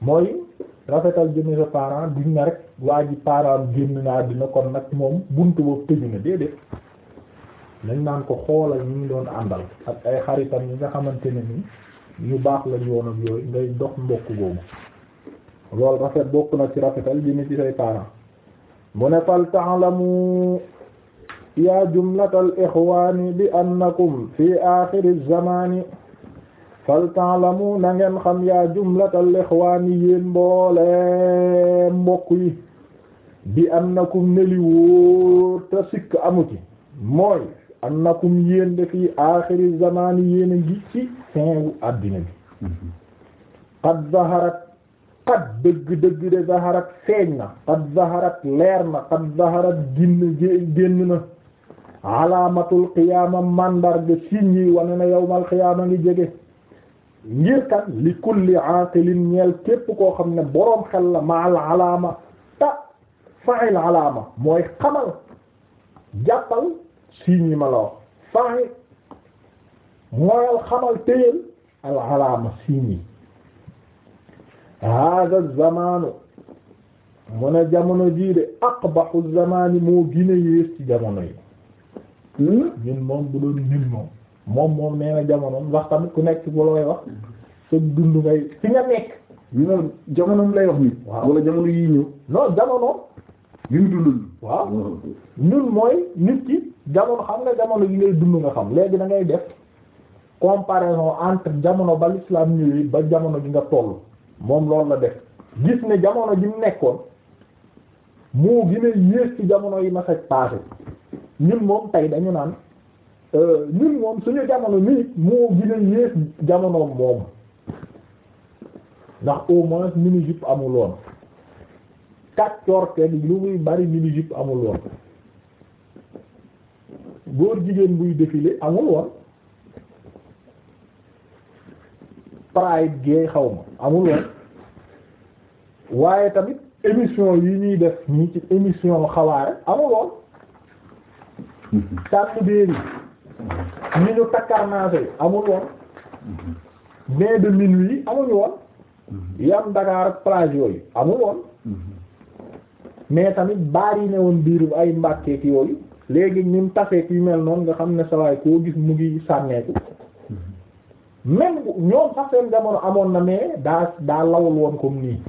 mooy rafetal jëme sa parent duñ na rek waa ji parent génn na àddina kon nag moom buntu boobu tëju na déedéet nañ naan ko xoolal ñu ngi doon àndal ak ay xaritam yi nga xamante ne ni ñu baax la yoon ak yooyu ngay dox mbokk googu loolu rafet bokk na ci rafetal bi ni ci say parents mu ne fal ta'lamu yaa jumlatal ixwaani bi annakum fi aaxiri zamaani fal ta'lamu na ngeen xam yaa jumlatal ixwaani yéen mboole mbokk yi bi annakum ne li wóor te sikk amu ci mooy annakum yéen de fii aaxiri zamaan yéen a ngi ci fin wu àddina bi qad zaharat qad dëgg dëgg de zaharat feeñ na qad zaharat leer na qad zaharat ginn génn na alaamatul qiyaama mandarga signe yi wane na yawmal qiyaama ngi jege ngir kan li kulli aaqilin ñeel képp koo xam ne boroom xel la maal alaama ta fa'il alaama mooy xamal jàppal signes yi ma la wax faay mooyal xamal téyel al alaama signes yi hada zamanu mu ne jamono jii de aqbahu zamani moo gine yées ci jamono yi hmm? ñun moom bu doon ñun moom moom moom nee na jamonoom wax tamit ku nekk bu looy wax sa dund ngay fi nga nekk ñu noonu jamonoom lay wax nii wala yii ñëw non jamono li mu dundul waaw mm. ñun mooy nit ki jamono xam nga jamono yi ngay dund nga xam léegi da ngay def comparaison entre jamono ba l'islam ñëwee ba jamono ji nga toll moom loolu la def gis ne jamono ji mu nekkoon moo gën a yées ci jamono yi ma fekk passé ñun moom tey dañu naan euh, ñun moom suñu jamono nii moo gën a yées jamono moom ndax au moins mini jup amuloon kàccoor kenn lu muy bari mini amul woon góor jigéen buy défilé amul woon pride gay xaw ma amul woon waaye tamit émission yi ñuy def ñii ci émission xawaare amul woon tànn déer yi ñi ñu yi amul woon bain de minuit yi amuñu woon yam Dakar ak plage yooyu amul woon mais tamit baar yi ne woon biiru ay mbàkkeek yooyu léegi ñun tafeek yu mel noonu nga xam ne sawaay koo gis mu ngi sànneeku même ñoom sax seen jamono amoon na mais daa daa lawul woon comme nii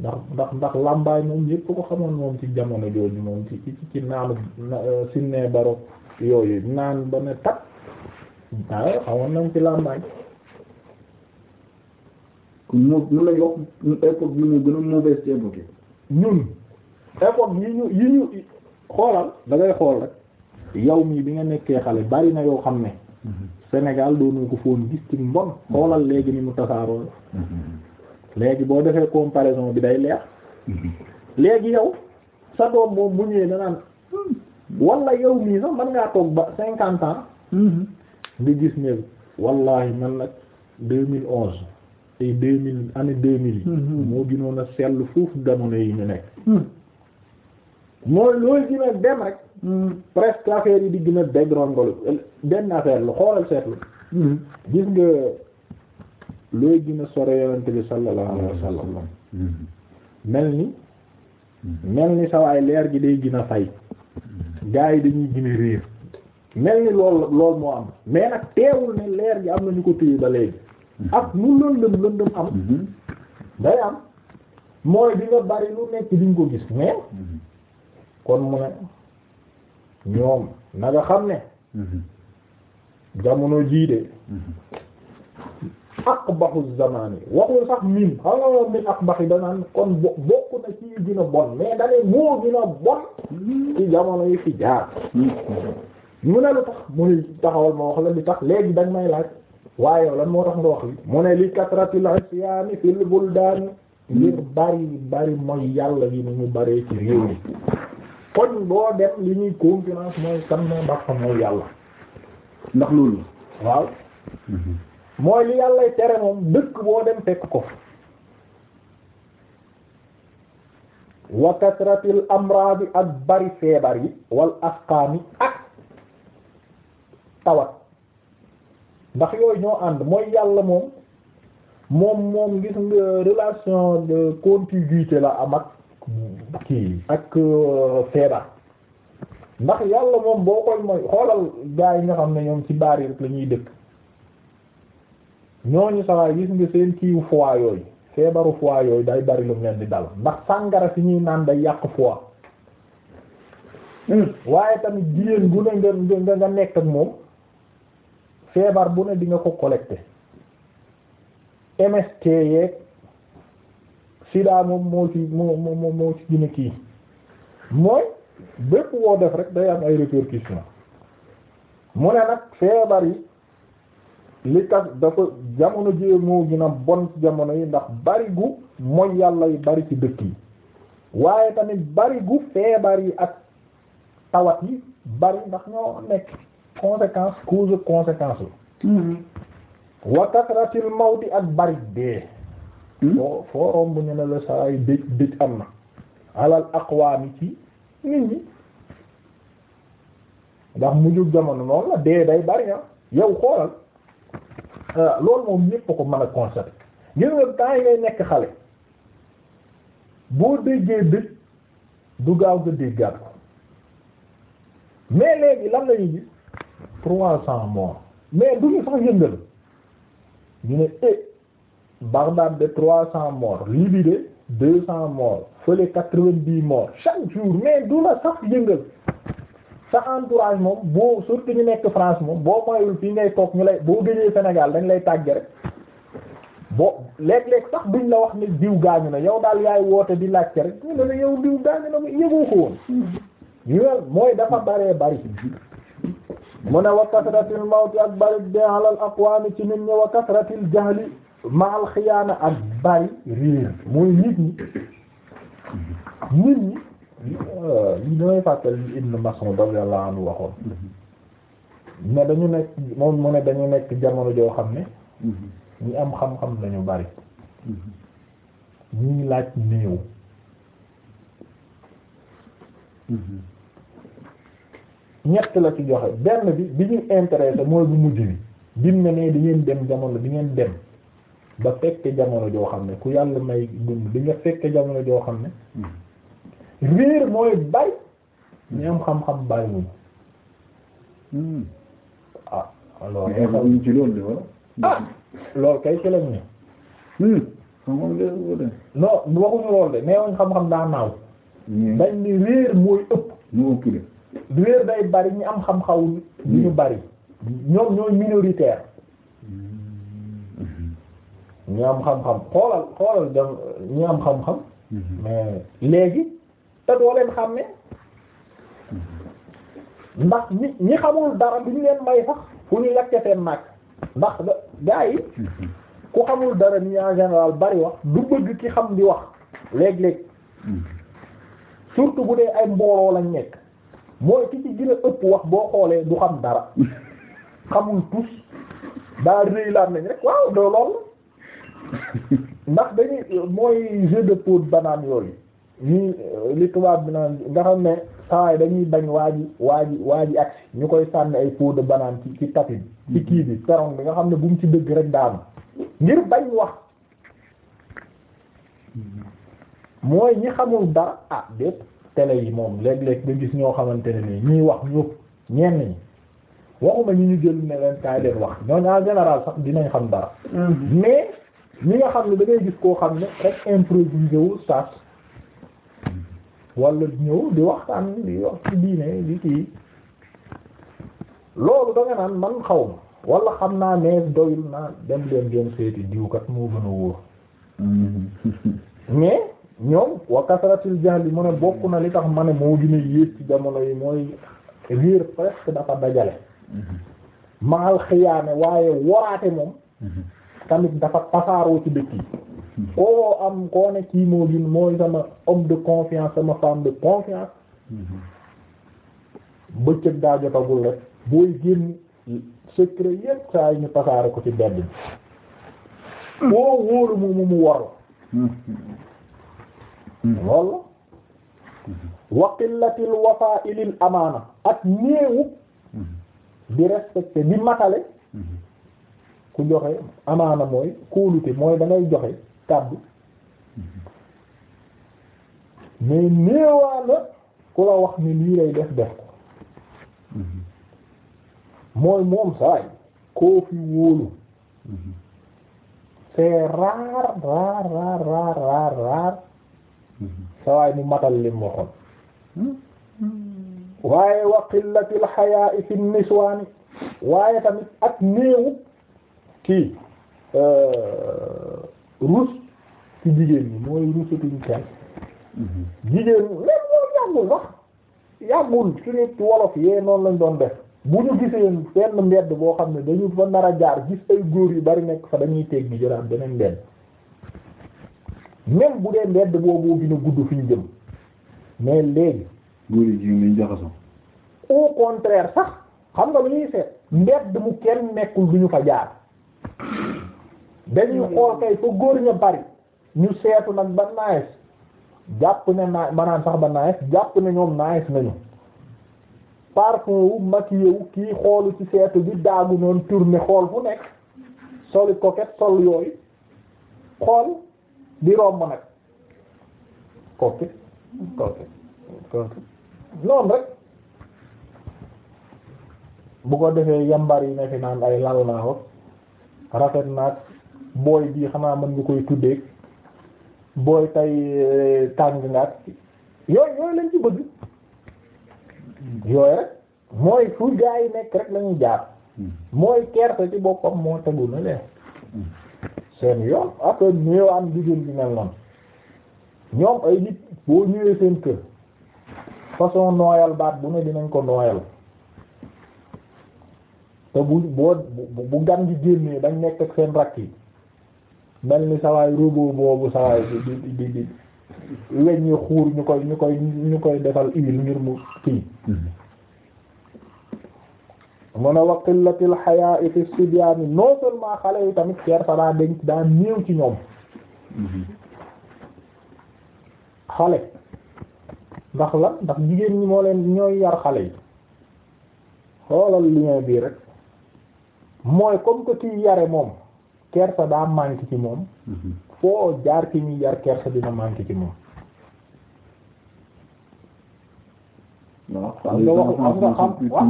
ndax ndax ndax làmbaay moom yépp ko xamoon moom ci jamono jooju moom ci ci ci naanu euh, sinnee baro yooyu naan ba ne tat waaye xamoon nañ ci làmbaay moom mun nañ wax époque bi mu gën a mauvaise époque ñun époque yi ñu yi ñu xoolal dangay xool rek yow mii bi nga nekkee xale bari na yoo xam ne Sénégal doonu ko foon gis ci mbon xoolal léegi ni mu tasaaroo léegi boo defee comparaison bi day leer léegi yow sa doom moom bu ñëwee da naan yow mii sax mën ngaa toog ba cinquante ans mhm. nga gis ne wallahi man nag deux mille onze ay deux mille année deux mille yi mm-hmm. moo ginoon a sell foofu jamono yi ñu nekk mm. mooy looy gën dem rek mm. presque affaire yi di gën a dégrongole benn affaire lu xoolal seetlu mm. gis nga looy gën a sore yonent bi sallallahu alayhi wa sallam mm-hmm. mel ni mm-hmm. mel ni sawaay leer gi day gina a fay gaa yi dañuy gën a réer mel ni lool lool moo am mais nag teewul ne leer gi am na ñu ko téye ba léegi ak mu lëndëm lëndëm am mhm. day mooy dina bari lu nekk ko gis mais mhm. kon mu ne ñoom na nga xam ne mhm. jamono jii de aqbaxu zamani waxul sax min xam nga moom min aqbaxi danaan kon bo bokk na ci yu gën a bon mais dane moo gën a bon ci jamono yi fi jaar mu ne lu tax muy taxawal ma wax la li tax léegi dañ may laaj waaye lan moo tax nga wax li mu ne li katratil isyaani fil buldaani ngir bari bari mooy yàlla yi ni ñu baree ci réew mi koñ boo dem li ñuy concurrence mooy kan moo ndax mooy yàlla ndax loolu waaw mooy li yàllay tere moom dëkk boo dem fekk ko wa katratil amraadi ak bari feebar yi wal asqaami ak tawat ndax yooyu ñoo ànd mooy yàlla moom moom moom gis nga relation de contiguïté la am ak kii ak euh, feebar ndax yàlla moom boo koy mooy xoolal gaa yi nga xam ne ñoom ci bari yi rek la ñuy dëkk ñooñu sawaay gis nga seen kiiwu foie yooyu feebaru foie yooyu day bari lu mu leen di dal ndax sàngara si ñuy naan day yàq foie hmm. waaye tamit jigéen gu ne nga nga nekk ak moom feebar bu ne di nga ko collecté MST yeeg sida moom moo ci moo moo ci gën kii mooy bépp woo def rek day am ay répercussions mu ne nag feebar yi li tax dafa jamono jii moo gën a bon jamono yi ndax bari gu mooy yàlla yu bari ci dëkk yi waaye tamit bari gu feebar yi ak tawat yi bari ndax ñoo nekk conséquence cause ak conséquence la wa kasratil mawti ak bari dee mm-hmm. foo foo romb ñu ne la saa yu dëj dëj am na alal aqwaami ci nit ñi ndax mujj jamono noonu la dee day bari na ah. yow xoolal euh, loolu moom ñépp a ko man a constater gis nga temps yi ngay nekk xale boo déggee dëj du gaaw nga déggaat ko mais léegi lan la gis trois cents morts mais du ñu sax yëngal ñu ne eh Bagdad de trois cents morts Libye de deux cents morts fële quatre-vingt-dix morts chaque jour mais du la sax yëngal sa entourage moom boo surtout ñu nekk France moom boo moyul fii ngay toog ñu lay boo génnee Sénégal dañ lay tàgge rek boo léeg-léeg sax duñ la wax ni diw gaañu na yow daal yaay woote di laajte rek ñu ne la yow diw gaañu na yëgoo ko woon. Mm-hmm. mooy dafa baree bari. mu ne wa kasratil mawti ak bari dee alal aqwaami ci nit ñi wa kasratil jahli ma al xiyaana ak bari réer muy nit ñi nit ñi euh, li damay fàttali Ibn Mas'ud radiyallahu anhu waxoon ne dañu nekk moom mu ne dañu nekk jamono joo xam ne ñu am xam-xam lañu bari ñii laaj néew ñett la ci joxe benn bi bi ñuy intéressé mooy bu mujj bi bim na ne di dem jamono di ngeen dem ba fekke jamono joo xam ne ku yàlla may dund di jamono joo xam ne réer mooy bay ñu am xam-xam bàyyi wuñu hmm. ah alors ñu ci loolu de wala ah loolu ne hmm. non xam-xam daa naaw dañ ni réer mooy ëpp réer day bari ñi am xam-xaw ñu bari ñoom ñooy minoritaire ñi am xam-xam xoolal xoolal dem ñi am xam-xam léegi te doo leen xàmme ndax ñi ñi xamul dara duñu leen may sax fu ñu yàkke seen nag ndax gaa yi ku xamul dara ni en général bari wax du bëgg ki xam di wax léeg-léeg surtout bu dee ay mbooloo lañ nekk mooy ki ci gën a ëpp wax boo xoolee du xam dara xamul tus daa rëy laan nañ rek waaw doo lool ndax dañuy mooy jeu de peau de banane yooyu ñii li tubaab bi naan nga xam ne sawaay dañuy bañ waa ji waa ji waa ji ñu koy sànni ay peau de banane ci ci tapis bi ci kii bi perron bi nga xam ne bu mu ci dëgg rek daanu ngir bañ wax mooy ñi xamul dara ah déet télé yi moom léeg-léeg ba gis ñoo xamante ne nii ñuy wax ñëpp ñenn ñi waxuma ñu ñu jël ne leen kaay leen wax ñooñu en sax dinañ xam dara. Mm-hmm. mais ñi nga xam ne dangay gis koo xam ne rek improvisé wu sax wala ñëw di waxtaan di wax ci diine di loolu da naan man xaw ma wala xam naa ne doyul naa dem leen ngeen seeti diw kat moo gën a wóor mm-hmm. [laughs] mais. ñoom wa kasratil jahli mu ne bokk na li tax ma ne moo gin a yées ci jamono yi mooy réer presque dafa dajale mm-hmm. maal waaye waraate moom mm-hmm. tamit dafa tasaaroo ci dëkk yi mm-hmm. koo am koo ne kii moo gën mooy sama homme de confiance sama femme de confiance bëccëg daa rek booy génn secret yépp saa yi ñu tasaare ko ci bedd bi koo wóoru mu mu waru Mm-hmm. loolu mm-hmm. wa qillatil wafaa'i lil amaana ak néewu mm-hmm. di respecté di matale ku joxe amaana mooy kóolute mooy da ngay joxe kàddu mais néewaa la ku ni lii def def mooy moom saay koo fi wóolu c'est rare rare rare sawaay mu matal lim waxoon waaye wa qillatil xayaa fi niswaani waaye tamit ak néewu kii euh, rus ci jigéen ñi mooy rusatuñ kenn jigéen même loolu yàggul sax yàggul surtout wolof yee noonu lañ doon be bu ñu gisee benn mbedd boo xam ne dañu fa nar a jaar gis ay góor yu bari nekk fa dañuy teg bi jëlaat beneen mbedd même bu dee mbedd boobu gën a gudd fi ñu jëm mais léegi. góori jigéen au contraire sax xam nga lu ñuy seet mbedd mu kenn nekkul du ñu fa jaar dañuy xool kay fa góor ña bari ñu seetu nag ba naes jàpp ne naa maanaam sax ba naes jàpp ne ñoom naes nañu parfum wu maquillé wu xoolu ci seetu bi daagu noonu tourner xool fu nekk soli coquette sol yooyu xool di romb nag kooku kooku kooku noonu rek bu ko defee yambar yi ne fi naan ay lal naa ko rafet naag booy bii xanaa mën nga koy tuddee booy tay eh, tàng naag yooyu lañ ci bëgg yooyu rek mooy fu gaa yi nekk rek lañuy jaar hmm. mooy kerte ci boppam moo tegu na leen hmm. seen yoon après ñëwaan jigéen bi mel noonu ñoom ay nit boo ñëwee seen kër façon nooyal baat bu ne dinañ ko nooyal te bu boo bu gan gi génnee dañ nekk ak seen rakk yi mel ni sawaay robot boobu sawaay di di di weñ yi xuur ñu koy ñu koy ñu koy defal huile ngir mu kii mu ne wa qillatil xayaa fi sibyaani non seulement xale yi tamit kersa daa denc daa néew ci ñoom xale ndax la ndax jigéen ñi moo leen ñooy yar xale yi xoolal li ñooy bii rek mooy comme que ci yare moom kersa daa manque ci moom mhm. foo jaar ci ñuy yar kersa dina manque ci moom waaw xam nga wax xam nga xam waaw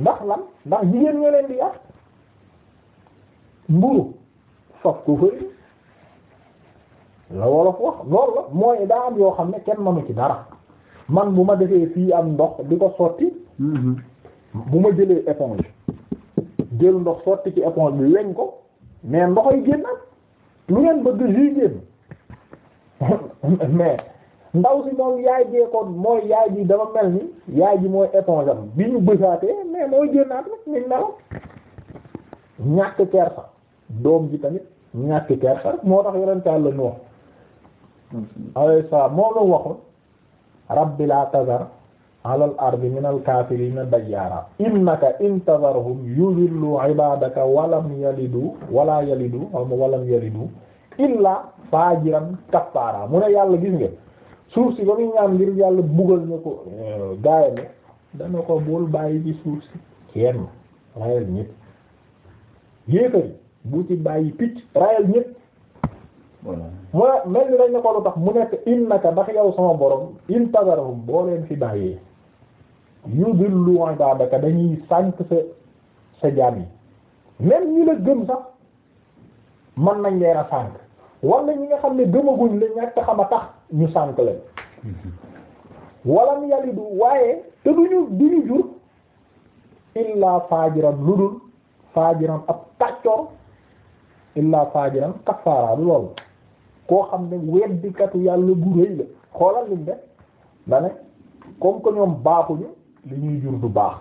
ndax lan ndax jigéen ñoo leen di yàq mburu faf ko fëri la wolof mooy daa am yoo xam ne kenn mënu ci dara man bu ma defee fii am ndox di ko sotti mm-hmm. bu ma jëlee éponge jël ndox sotti ci éponge bi weñ ko mais ndoxoy génn lu ngeen bëgg jus génn [laughs] mais ndaw si moom yaay jee ko mooy yaay ji dama mel ni yaay ji mooy éponge bi ñu bësaatee mais mooy génnaat nag ni meloon ñàkk kersa doom ji tamit ñàkk kersa moo tax yonent Yàlla Nuux alayhi salaam moo la waxoon rabbi laa tazar alal ardi minal kaafiriina dayyaaraa innaka in tazarhum yudillu ibaadaka walam yalidu wala yalidu illa faajiran kaffaaraa mu ne yàlla gis ngeen suuf si ba muy ñaan ngir yàlla buggal na ko gaaya ne ko bul bàyyi ci suuf si yenn rayal ñépp yéefari bu ci bàyyi picc rayal ñépp mel ni dañ ne ko lu tax mu nekk innaka ndax yow sama borom in tagarahum boo leen fi bàyyee yudillu ibadaka dañuy sànk sa sa jaam yi même ñi la gëm sax mën nañ leen a sànk wala ñi nga xam ne gëmaguñ la ñàkk xam a tax ñu sànk leen walam yalidu waaye te duñu duñu jur illaa faajiran lu dul faajiran ab tàccoor illaa faajiran kafaara du loolu koo xam ne weddikatu yàlla bu rëy la xoolal liñ de da ne comme que ñoom baaxuñu li ñuy jur du baax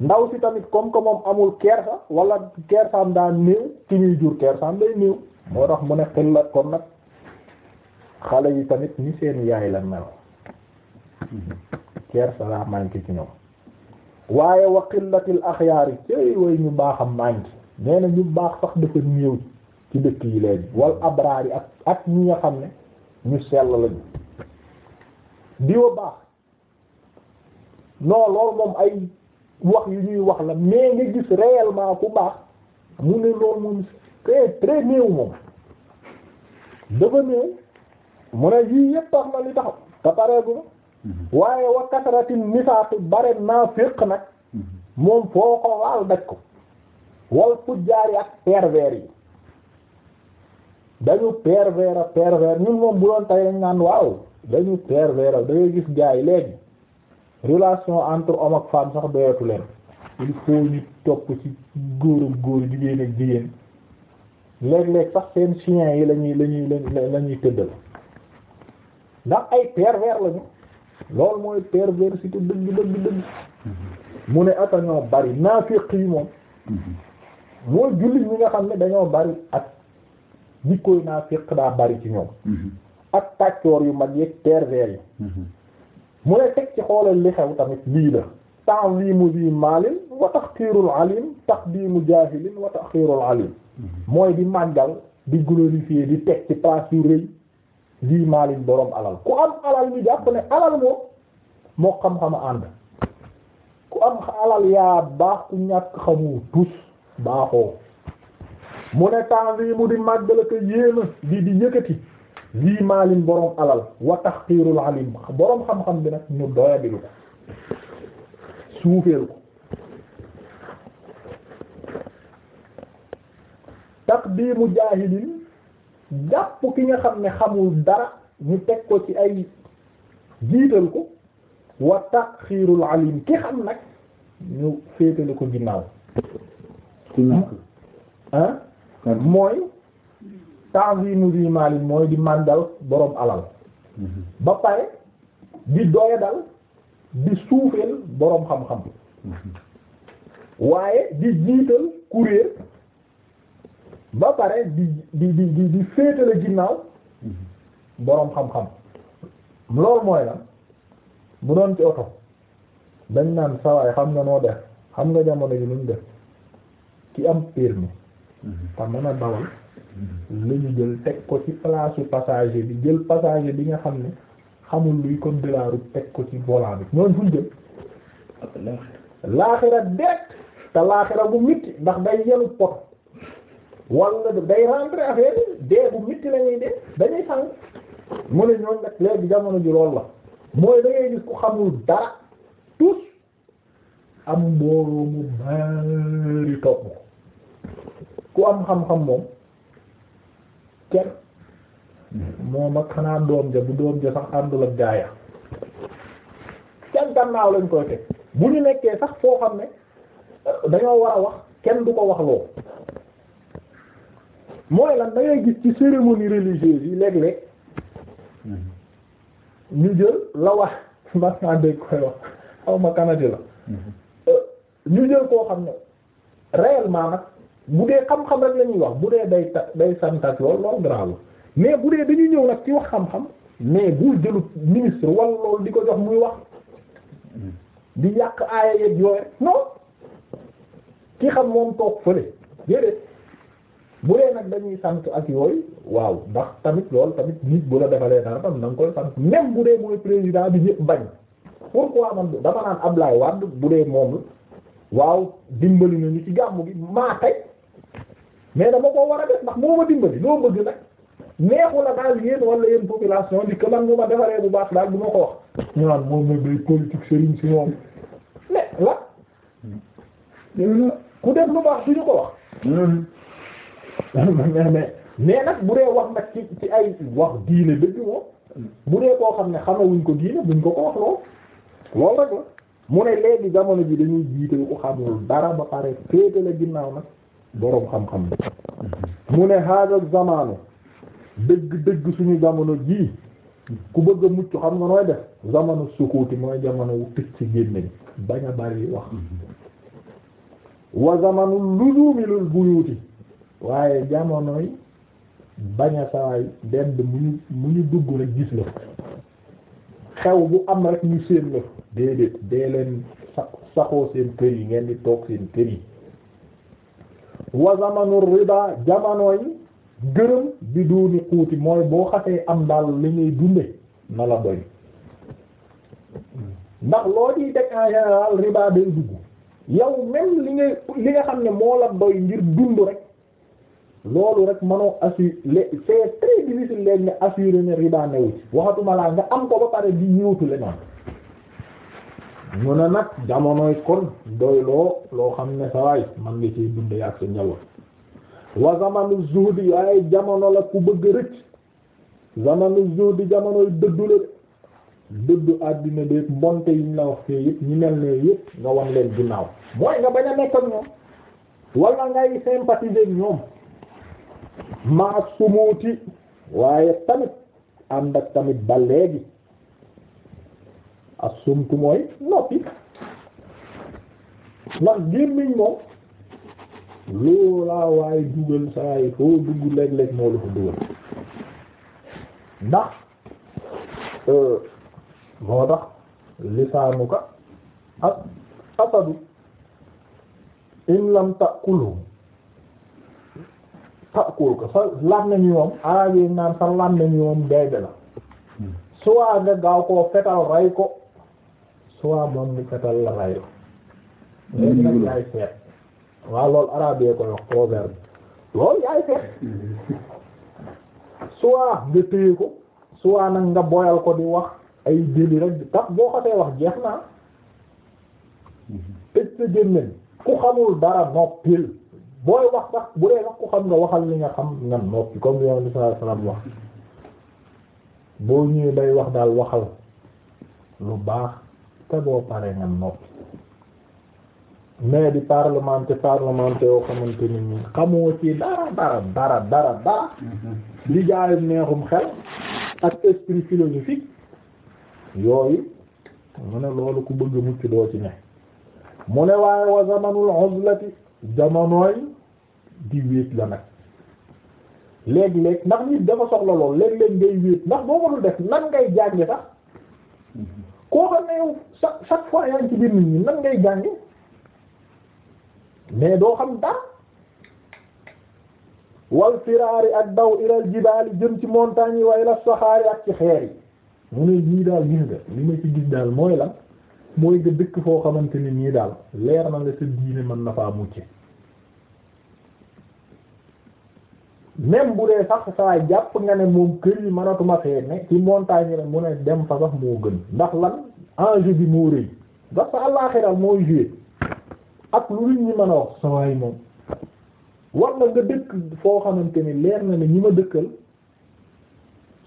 ndaw si tamit comme que moom amul kersa wala kersaam daa néew ci ñuy jur kersaam day néew moo tax mu ne xillat ko nag xale yi tamit ñi seen yaay la mel kersa laa manqué ci ñoom waaye wa qillatil axyaar yi cay way ñu baax a manqué nee na ñu baax sax dafa néew ci dëkk yi léegi wal abraar yi ak ak ñi nga xam ne ñu sell lañu diwa baax non loolu moom ay wax yu ñuy wax la mais nga gis réellement ku baax mu ne loolu moom très très moom dafa néew mu ne yii yëpp tax na li tax te pareegu mhm. waaye wa kasratin nifaaqi bare naafiq nag mhm. moom foo ko waal daj ko wal fujjaar yi ak pervers yi dañu pervers a pervers ñun moom bu doon tey dañ naan waaw dañu pervers a da gis gars yi léegi relation entre homme ak femme sax doyatu il faut ñu topp ci góor ak góor jigéen ak jigéen léeg-léeg sax seen chien yi lañuy lañuy la ñuy tëddal ndax ay pervers lañu loolu mooy perversité dëgg dëgg dëgg mu ne ata ñoo bari naafiq yi moom mooy jullit ñi nga xam ne dañoo bari ak koy naafiq daa bari ci ñoom ak tàccoor yu mag yeeg pervers yi mu ne teg ci xoolal li xew tamit lii la ta'zimu zi maalin wa taxtiirul alim taqdimu jaahilin wa taxiirul alim mooy di màggal di glorifier di teg ci place yu rëy lii maalin borom alal ku am alal ñu jàpp ne alal moom moo xam-xama ànd ku am alal yaa baax ku ñàkk xamu tus baaxoo mu ne temps bii mu di màggal ak yéema di di yëkkati lii maalin borom alal wa taxqiirul alim borom xam-xam bi nag ñu doyadilu ko suufeel ko taqdimu jaahilin jàpp ki nga xam ne xamul dara ñu teg ko ci ay jiital ko wa taxiirul alim ki xam nag ñu féetale ko ginnaaw ah mooy ta'zimu zi mooy di màndal boroom alal mhm. ba pare di doyadal di suufeel boroom xam-xam mhm. waaye di jiital kuréel ba pare di di di di féetale ginnaaw boroom xam-xam loolu mooy la bu doon ci oto dañ naan sawaay xam nga noo def xam nga jamono yi luñ de ci am permis te mën a dawal lañu jël teg ko ci place passager bi jël passager bi nga xam ne xamul luy code de teg ko ci volant bi ñoon fuñ jëm laaxira direct te laaxira bu mitti ndax day yelu pot wala day rendre affaire dee bu mitti la ñuy dee dañuy sànq mu ne ñoom nag léegi jamono ji loolu la mooy da ngay gis ku xamul dara tous am mbooloo mu bari topp ku am xam-xam moom kenn moo ak xanaa doom ja bu doom ja sax àndul ak gaaya kenn gannaaw lañ koy teg bu ñu nekkee sax foo xam ne dañoo war wax kenn du ko wax loo mooy lan da ngay gis ci cérémonie religieuse yi léeg-léeg ñu jël la wax [laughs] ma saa dégg koy wax xaw ma kanadi la mhm. euh, ñu jël koo xam ne réellement nag bu dee xam-xam rek la ñuy wax bu dee day ta day santak lool lool grave mais bu dee dañu ñëw nag ci wax xam-xam mais bu jëlu ministre wala loolu di ko jox muy wax mhm. di yàq aaya yeeg yooyu non ki xam moom toog fële déedéet bu dee nag dañuy sant ak yooyu waaw ndax tamit loolu tamit nit bu la defalee dara tam na nga koy sant même bu dee mooy président bi ñëpp bañ pourquoi man dama naan Ablaye Wade bu dee moom waaw dimbali nañu ci gàmmu gi maa tey mais dama koo war a def ndax moo ma dimbali loo bëgg nag neexu daal yéen wala yéen population bi que man bu ma defaree bu baax daal du ma ko wax. ñu naan moom mooy day politique Serigne si moom mais ku def lu baax du ñu ko wax. Mmh. mais [laughs] mais nag bu dee wax nag ci ay wax diine dëgg moom bu dee koo xam ne xamawuñ ko diine buñ ko ko wax lool loolu rek la mu ne léegi jamono ji dañuy jiite ko xamul dara ba pare féete ginnaaw nag boroom xam-xam bi mu ne xaajal zamanu dëgg-dëgg suñu jamono jii ku bëgg a mucc xam nga nooy def jamono sukuuti mooy jamono wu ci génne bañ a bari wax mm-hmm. wa zamanu luzumilul buyuti waaye jamonoy bañ a sawaay dend mu ñu mu ñu dugg rek gis la xew bu am rek ñu séen la déedéet dee leen sa saxoo seen kër yi ngeen di toog seen kër yi wa zamanu rida jamonoy gërëm bi duuni xuuti mooy boo xasee am daal li ngay dunde na la doy ndax loo ciy teg en général riba day dugg yow même li ngay li nga xam ne moo la doy ngir dund rek loolu rek mënoo assurer c'est très difficile léegi nga assurer ne riba new ci waxatuma laa nga am ko ba pare di ñëwtu le noonu ñu ne nag jamonoy kon doy loo xam ne sawaay man ngi ciy dund yàgg sa njaboot wa zamanu zuhdi waaye jamono la ku bëgg rëcc zamanu zuhdi jamonoy dëddu la dëddu àddina beeg mbonte yi ñu la wax fii yëpp ñi mel ne yëpp nga wan leen ginnaaw mooy nga bañ a nekk ñoom wala ngay sympathiser ñoom maa sumuuti waaye tamit ànd ak tamit ba léegi ak sumtu mooy noppi ndax gémmiñ moom loolaa waaye dugal saa yi foo dugg léeg-léeg moo la fa dugal ndax euh, moo tax lisaanuka ak asadu in lam takulum ta'kul ko sa làmmiñ moom hmm. nga gaaw koo fetal rey ko soit moom ni fetal la rey la hmm. léegi nag yaay seet waaw loolu araab yee koy wax proverbe loolu yaay seet hmm. soit nga téye ko soit nag nga boyal ko di wax ay déli rek tax boo xasee wax jeex naa tëj sa gémmiñ ku xamul dara noppil booy wax sax bu dee wax ku xam nga waxal li nga xam nga noppi comme li Yonent bi sallallahu alayhi wax boo ñëwee day wax daal waxal lu baax te boo paree nga noppi mais di parlementer parlementer yoo xamante ni nii xamoo ci dara dara dara dara dara li mm-hmm. jaayum neexum xel ak esprit philosophique yooyu mu ne loolu ku bëgg mucc doo ci ne mu ne waaye wa zamanul uzlati jamonooy di wéet la nag léeg-léeg ndax nit dafa soxla lool léeg-léeg ngay wéet ndax boo ko def nan ngay jànge sax koo xam ne yow chaque chaque fois yaa ngi ci biir nit ñi nan ngay jànge mais doo xam dara wal firaari ak daw ilal jibaali jëm ci montagne yi wa ila saxaari ak ci xeer yi mu ne ñii daal gis nga li ma ci gis daal mooy la mooy nga dëkk foo xamante ni ñii daal leer na la sa diine mën na faa mucce même bu dee sax saa jàpp nga ne moom kër yi mënatuma fee ne ci montagne rek mu ne dem fa sax moo gën ndax lan enjeu bi moo rëy ndax sa àllaaxira mooy joué ak lu nit ñi a wax sa waay moom war na nga dëkk foo xamante ni leer na ne ñi ma dëkkal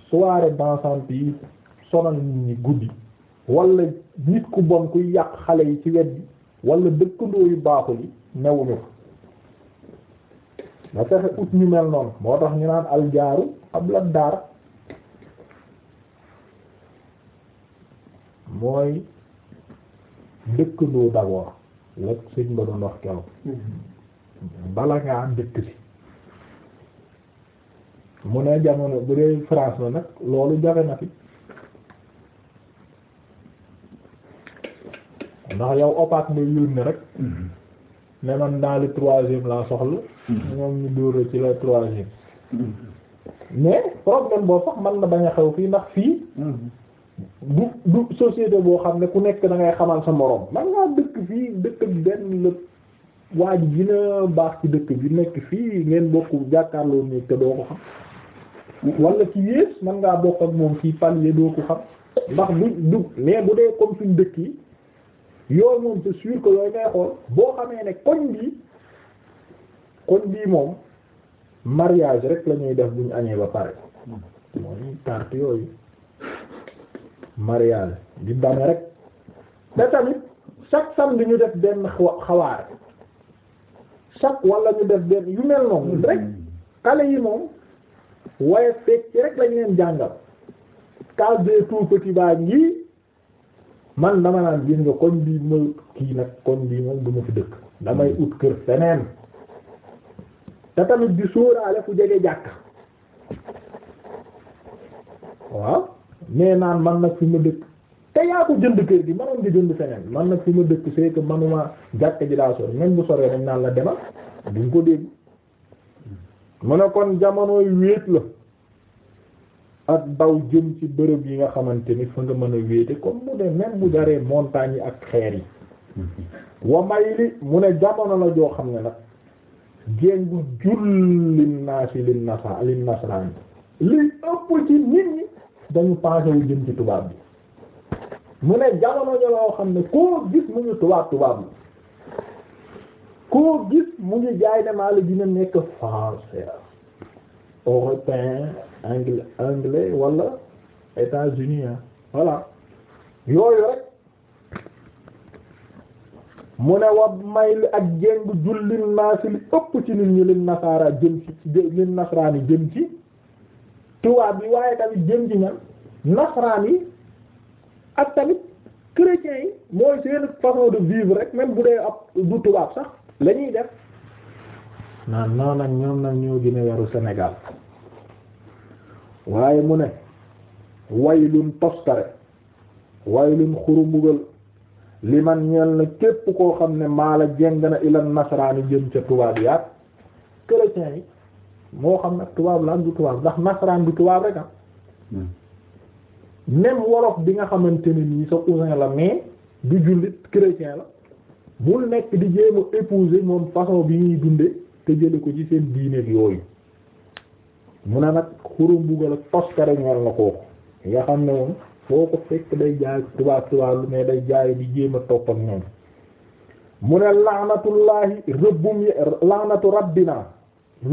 soirée dansante yi sonal nit guddi wala nit ku bon kuy yàq xale yi ci wet bi wala dëkkandoo yu baaxul yi newuñu fa nga fexe ut ñu mel noonu moo tax ñu naan aljaaru ab la daara mooy dëkkandoo d'abord la sëñ ba doon wax keroog bala ngaa am si mu ne jamono bu dee France la nag loolu jafe na fi ndax yow opaat nga yul ni rek mm-hmm. ne man dans le troisième laa soxla hmm. ñoom ñu dóor ci la troisième hmm. mais problème boo sax mën na bañ a xew fii ndax fii hmm. du du société boo xam ne ku nekk da ngay xamal sa moroom man ngaa dëkk fii dëkk bi benn la waa ji dina baax ci dëkk bi nekk fii ngeen bokk jàkkaarloo ni te doo ko xam wala ci yées man ngaa bokk ak moom fii palier doo ko xam ndax du du mais bu dee comme suñ dëkk yi yooyu moom c'est sûr que yooyu ngay xool boo xamee ne koñ bi koñ bii moom mariage rek la ñuy def bu añee ba pare mooy tarte yooyu mariage di bane rek te tamit chaque samedi ñu def benn xawaare chaque wala ñu def benn yu mel noonu mm-hmm. rek xale yi moom waaye fekk ci rek lañ leen jàngal case des tout petits baa ngi man dama naan gis nga koñ bii ma kii nag koñ bii moom bu ma fi dëkk damay ut kër feneen te tamit di sóoraale fu jege jàkk waaw mais naan man nag fi ma dëkk te yaa ko jënd kër gi manoon di jënd feneen man nag fi ma dëkk c'est que manuma jàkk ji daa sori même bu soree dañ naan la demal duñ ko mu ne kon jamonoy wéet la ak daw jëm ci bërëb yi nga xamante ni fa nga mën a wéete comme mu ne même bu daree montagne yi ak xeer yi mhm. wa mayli mu ne jamono la joo xam ne nag jéngu jur lin naasi lin nasa lin nasraan li ëpp ci nit ñi dañu pensé wu jëm ci tubaab bi mu ne jamono ja loo xam ne koo gis mu ngi tubaab tubaab bi koo gis mu ngi jaay ne la dina nekk français européen anglais anglais wala États-Unis ah voilà yooyu rek mu ne wa may li ak jëng jullin naa si li ëpp ci nit ñi leen nasaara jëm ci leen nasaraani jëm ci tubaab yi waaye tamit jën ci ñan nasaraan yi ak tamit chrétiens yi mooy seen façon de vivre rek même bu dee ab du tubaab sax la def naan noonu nag ñoom nag ñoo gën a yaru Sénégal waaye mu ne waylun tostare waylun xurumbugal li man ñeel na képp koo xam ne maala jeng na ilan nasaraani jëm ca tubaab yaat chrétiens yi moo xam nag tubaab la am du tubaab ndax nasaraan du tubaab rek ah hmm. même wolof bi nga xamante ne nii sa cousin la mais du jullit chrétien la bul nekk di jéem a moom façon bi ñuy dunde te jële ko ci seen diine yooyu mu ne nag xurum buggal ak toskare ñeel na kooku nga xam ne moom foo ko fekk day jaay tubaab tubaab lu mais day jaay di jéem a topp mu ne laanatullaahi rëbbum laanatu rabbina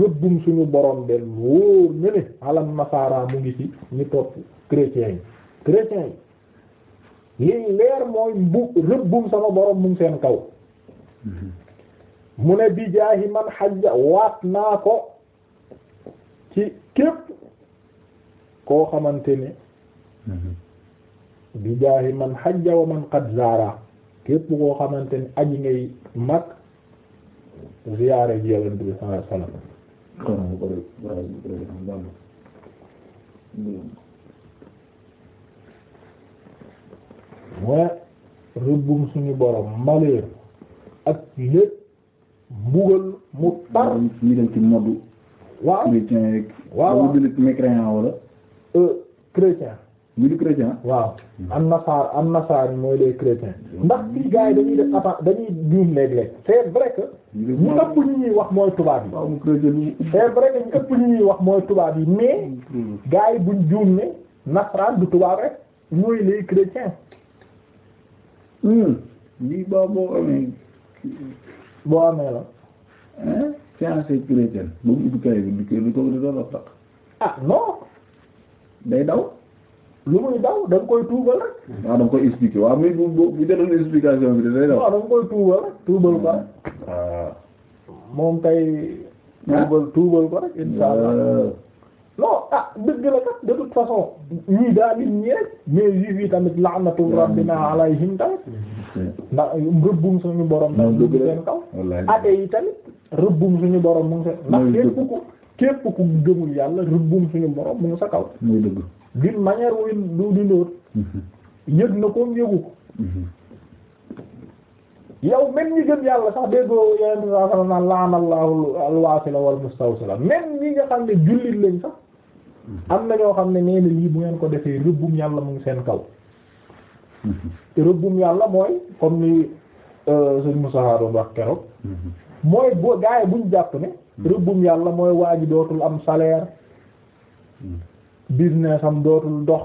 rëbbum suñu borom del wóor ne ne alam nasaara mu ngi ci ñu topp chrétiens yi chrétiens yi lii leer mooy mbu rëbbum sama borom mu seen kaw mu ne bijaahi man xajja waat naa ko ci képp koo xamante ne bi jaahi man xajja wa man qad zaara képp koo xamante ni aji ngay mag ziyaare ji yonent bi sallallahu alayhi mooy rëbbum suñu borom malheur ak lépp mbugal mu tar ñu dem ci moddu waaw chrétien rek waaw mécréant wala Euh, chrétien. ñu di chrétien. waaw an nasaar an nasaar mooy les chrétiens. ndax fii gars dañuy def attaque dañuy juum léeg-léeg. c'est vrai ñu ëpp ñu ñuy wax mooy tubaab yi. waaw mu chrétien bi. c'est vrai que ñu ëpp ñu ñuy wax mooy tubaab yi mais. gars yi buñ juum nasaraan du tubaab rek mooy les chrétiens. Hmm. lii ba boo amee. boo amee la. ah science chrétienne. boobu du kay du kay ah non. day daw lu muy daw da nga koy tuubal rek. Hmm. waaw da nga koy expliquer waaw muy bu bu bu jëloon explication bi day daw. Hmm. da nga koy tuubal rek tuubal ko rek. Ah. moom kay. Ah. tuubal tuubal ko rek insha Allah. Ah. non ah dëgg la kat de toute façon ñii daal di ñeeg mais juif yi tamit laanatu hmm. rabbina alayhim tamit ndax rëbbum suñu tamit rëbbum suñu borom mu ngi seen. ndax képp ku gëmul yàlla rëbbum suñu borom mu ngi sa kaw. muy dëgg d'une manière wu du du mhm. yëg na ko yëgu ko. Mhm. yow même ñi gëm yàlla sax déggoo yeneen bi saa xam naan laana allahu alwaasila wal mustawsila même ñi nga xam ne jullit lañ sax mhm. am na ñoo xam ne nee na lii bu ngeen ko defee rëbbum yàlla mu seen kaw. te rëbbum yàlla mooy comme ni euh, sëñ Moussa Harouna mooy boo gaay buñ jàpp ne. rëbbum yàlla mooy waa ji dootul am salaire business am dootul dox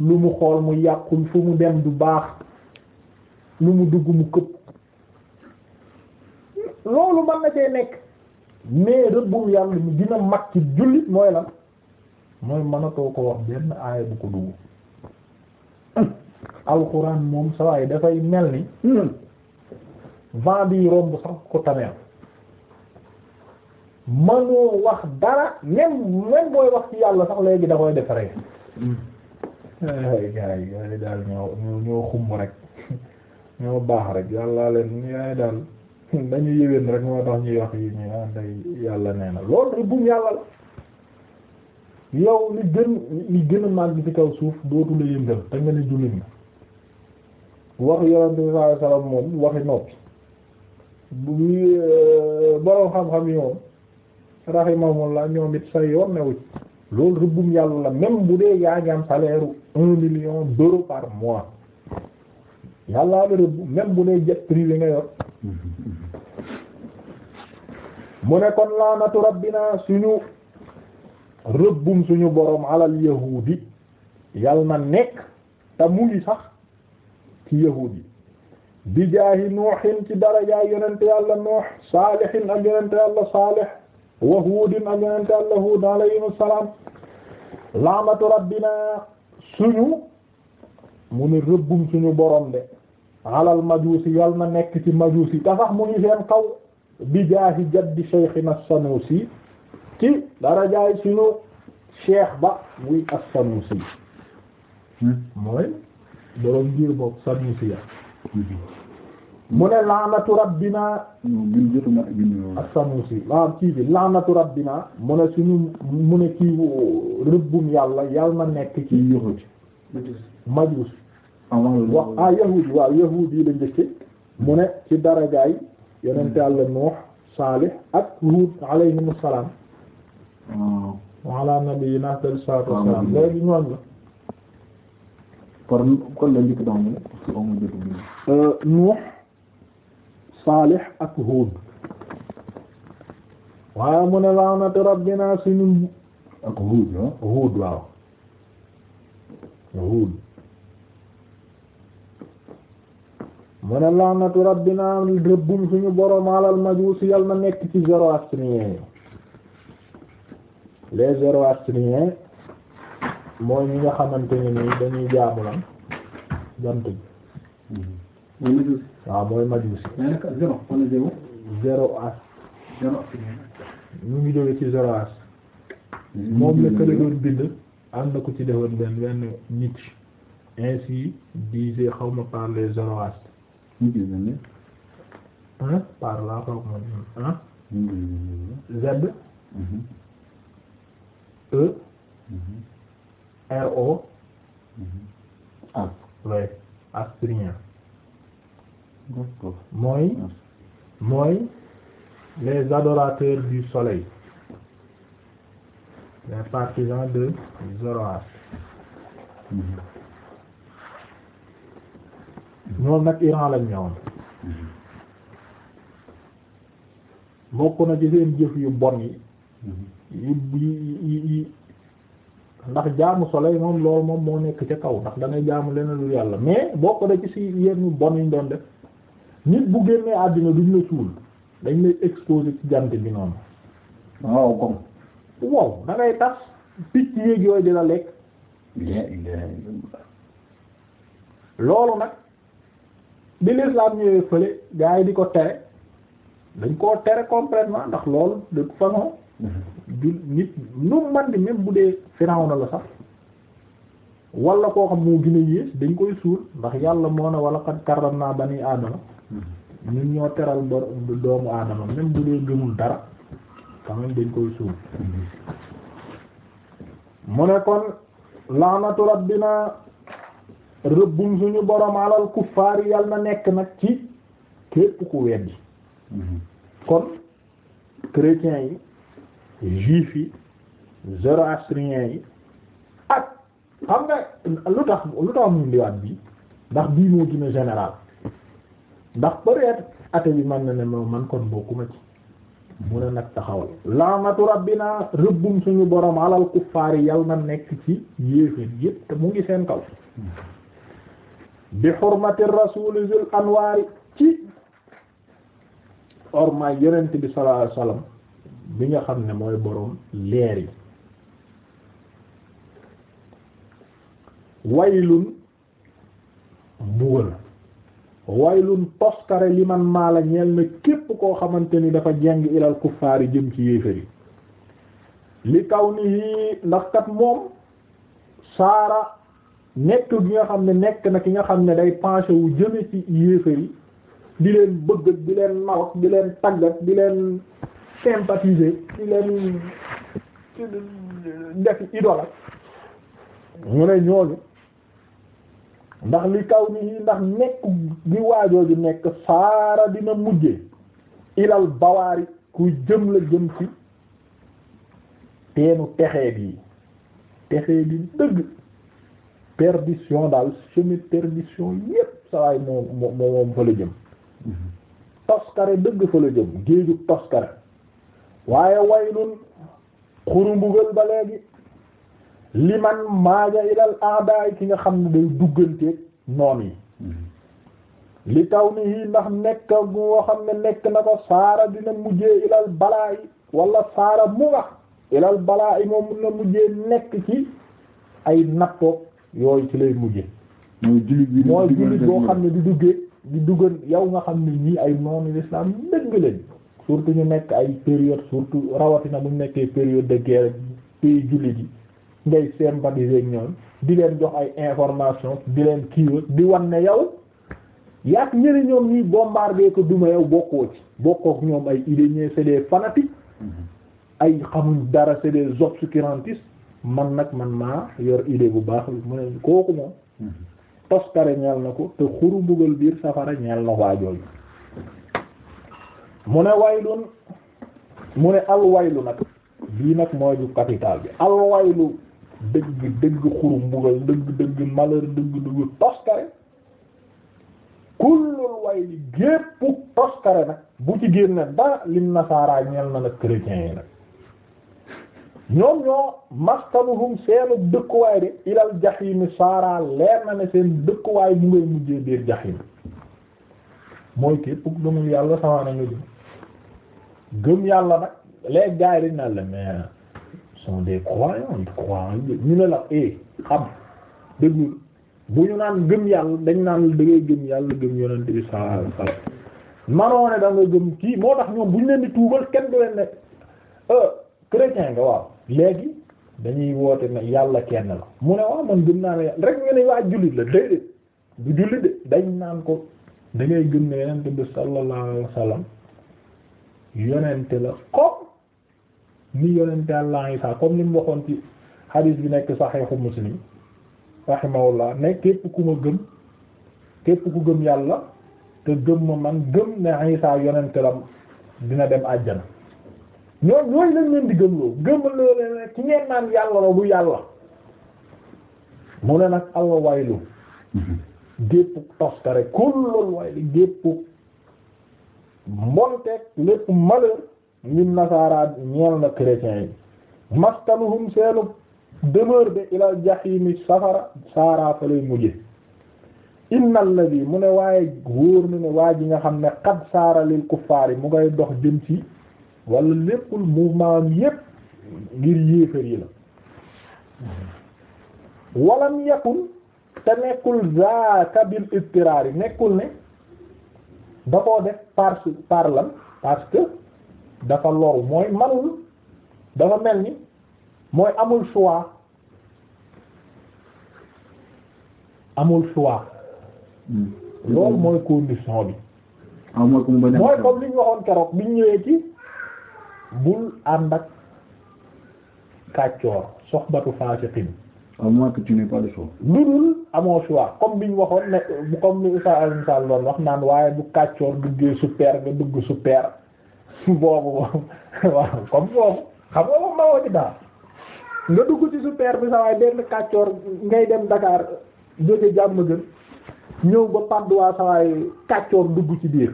lu mu xool mu yàqul fu mu dem du baax lu mu dugg mu këpp loolu mën na cee nekk mais rëbbum yàlla mu dina mag ci jullit mooy lan mooy mënatoo ko wax benn aaya bu ko dugg [coughs] alxuraan moom sawaay dafay mel ni hmm. vent bi romb sax ko tameel manoo wax dara même même booy wax ci yàlla sax léegi da koy defaree ay gars yi gars yi daal ñoo ñoo xumb rek ñoo baax rek yàlla leen yaay daal dañu yéwén rek moo tax ñuy wax yi ñu ah day yàlla nee na loolu rëbbum a màgg ci kaw suuf dootu la yëngal te nga ne jullit na wax yonent bi sallallahu alayhi wasallam moom waxi noppi bu euh, borom xam-xam yi rahimahumullah ñoom it say yoon newu ci loolu rëbbum yàlla la même bu dee yaa ngi am salaire un million d'euros par mois yàllaa la rëbb même bu dee jet privé nga yor mu ne kon laanatu rabbina suñu rëbbum suñu borom alal yahuudi yàlla na nekk te mu ngi sax ci yahuudi bi jaahi ci darajaay yonent yàlla nuux saalihin ak yonent yàlla saalih wa Huudin ak yonente Yàlla Huud alayhim assalaam laamatu rabbina suñu mu ne rëbbum suñu borom de alal majuusi yal na nekk ci majuusi ta sax mu ngi seen kaw bi jaahi jaddi Shaykhina Sanusi ci darajaay suñu cheikh ba muy as-Sanusi hmm, mooy borom ngir boobu Sanusi mu ne laanatu rabbina bin jotuma bin as-Sanusi la bi laanatu rabbina mu ne suñu mu ne kii rëbbum yàlla yàlla na nekk ci yahud majuus wax ah waaw ah, yahud la njëkke mu ne ci daragaay yonent yàlla Nuux Saalih ak Huud alayhimu salaam ah. wa ala ah, euh, Nuux Salih ak Hud waaye mu ne laanati rabbina suñu ak Hud Hud waaw Hud mu ne laanati rabbina rëbbum suñu borom alal majuusi yal na nekk ci zoroastriens yi les zoroastriens mooy ñi nga xamante ni dañuy jaamu lan jant bi waaw mooy majuusi ngi jóge ci zéro as mm-hmm. moom la kële doon bind am na ko ci defoon benn benn nit ainsi disait xaw ma par les zéro as par là xaw ma ah Z mm-hmm. E mm-hmm. R O A astrien mooy mooy les adorateurs du soleil les partisans de Zoroastre ñoom nag Iran lañ ñëwoon bokk na ci seen jëf yu bon yi yu yi yi ndax jaamu soleil moom loolu moom moo nekk ca kaw ndax dangay jaamu leneen lu yàlla mais bokk na ci si yenn bon yi ñu doon def nit bu génnee àddina duñ la suul dañ lay exposé ci jant bi noonu waaw comme wow da ngay picc yéeg yooyu dina lekk loolu nag bi l'islam ñëwee fële gars yi di ko tere dañ koo tere complètement ndax loolu de toute mm-hmm. du nit nu man di même bu dee firaw na la sax wala koo xam moo gën yées dañ koy suul ndax yàlla moo ne wala qad karramna bani aadama ñun ñoo teral bor doomu aadama même bu dee gëmul dara quand même dañ koy suuf mu ne kon laanatu rabbina rëbbum suñu borom alal kuffaar yal na nekk nag ci képp ku weddi mhm. kon chrétiens yi juifs yi zoroastriens yi ak xam nga lu tax lu tax mun diwaat bi ndax bii moo gën a général ndax peut-être ate bi man na ne moo man kon bokkuma ci mu ne nag taxawal laamatu rabbina rëbbum suñu borom alal kuffaar yi yal na nekk ci yéeféer yépp te mu ngi seen kaw bi xurmati rasuul zil anwaari ci ormaay yonent bi sallallahu alayhi bi nga xam ne mooy borom leer yi waylun mbugal waylun toskare li man maala ñeel na képp koo xamante ni dafa jeng ilal kuffaari jëm ci yéeféri li kaw ni yi ndax kat moom saara nekk gi nga xam ne nekk na ki nga xam ne day penché wu jëme ci yéeféri di leen bëgg di leen nawat di leen taggat di leen sympathiser di leen def idolâtre mu ne ñooñu ndax li kaw nii ndax nekk gi waajooju nekk saara dina mujje ilal bawaari kuy jëm la jëm ci teenu texee bi texee bi dëgg perdition daal chemin perdition yépp sawaay moom moom fa la jëm toskare dëgg fa la jëm géeju toskare waaye waylun xuru mbugal ba léegi li man maaja ilal aadaay ki nga xam ne day dugganteeg noon yi li taw ni yii ndax nekk goo xam ne nekk na ko saara dina mujjee ilal balaa yi wala saara mu nga ilal balaa yi moom mun na mujjee nekk ci ay nattoog yooyu ci lay mujjee mooy jullit boo ne di duggee di duggan yow nga xam ni ñii ay noonu l'islam dëgg lañ surtout ñu nekk ay période surtout rawatina bu nekkee période de guerre pays jullit yi ngay sympathiser ak ñoom di leen jox ay information di leen kii di wan ne yow yaa ngi ñeneen ñoom ñuy ko duma yow bokkoo ci bokkook ñoom ay idées ñee c'est des mm-hmm. ay xamuñ dara c'est des obscurantistes man nag man maa yor idée bu baax bi mu ne kooku moom mm-hmm. toskare ñeel na ko te xuru mbugal biir safara ñeel na waajooyu mu ne waylun mu ne alwaylu nag bii nag mooy bu capital bi alwaylu dëgg dëgg xuru mbugal dëgg dëgg malheur dëgg dëgg toskare kullul way li gépp toskare nag bu ci génne dara lim nasaaraa ñeel na nag chrétiens yi nag ñoom ñoo maskanuhum seenu dëkkuwaay de ilal jaxiimi saaraa leer na ne seen dëkkuwaay mu ngay mujjee biir jaxiim mooy képp gëmul yàlla sawaana nga jëm gëm yàlla nag léegi gaay dañ mais sont des croyants ils croient en Dieu ñu ne la eh xam dëggul bu ñu naan gëm yàlla dañ naan da ngay gëm yàlla gëm yonent bi sallallahu alayhi wasallam da nga gëm kii moo tax ñoom bu ñu leen di tuubal kenn du leen ne euh, chrétien nga waaw léegi dañuy woote ne yàlla kenn la mu ne waaw man gëm naa yàlla rek nga ne waa jullit la déedéet du jullit de dañ naan ko dangay ngay gëm ne yonent bi sallallahu alayhi wasallam yonent la ko ni yonente Allah Isa comme ni mu waxoon ci hadith bi nekk saxiixu muslim rahimahullah ne képp ku ma gëm képp ku gëm yàlla te gëm ma man gëm ne Isa yonente la dina dem àjjana ñoom yooyu lañ leen di gëm loo gëm loo leen ci ngeen naan yàlla la du yàlla mu ne nag allah waylu gépp toskare kullul waylu gépp mbonteek lépp malheur ñun nasaara ñeel na chrétiens yi maskanuhum seenu demeure de ila jahimi safara saaraa fa lay mujje innal ladhi mu ne waaye wóor na ne waa ji nga xam ne xad saara lil kuffaar yi mu ngay dox jëm ci wala léppul mouvement am yépp ngir yéefar yi la walam yakun te nekkul zaaka bil istiraar yi nekkul ne da def par par parce que dafa loru mooy manul dafa mel ni mooy amul choix amul choix hmm. loolu mooy condition bi ah, mooy comme li ñu waxoon keroog bi ñu ñëwee ci bul ànd ak kàccoor soxbatu fasiqin à ah, moins que tu lu dul amoo choix comme bi ñu waxoon ne comme ni Oustaz Alioune Sall doon wax naan waaye bu kàccoor duggee super nga dugg super [laughs] boobu [laughs] waaw comme boobu xam nga moom nawoo dugg ci super bi sa benn kàccoor ngay dem Dakar jóge jàmm gën ñëw ba panduwaa sa waay kàccoor dugg ci biir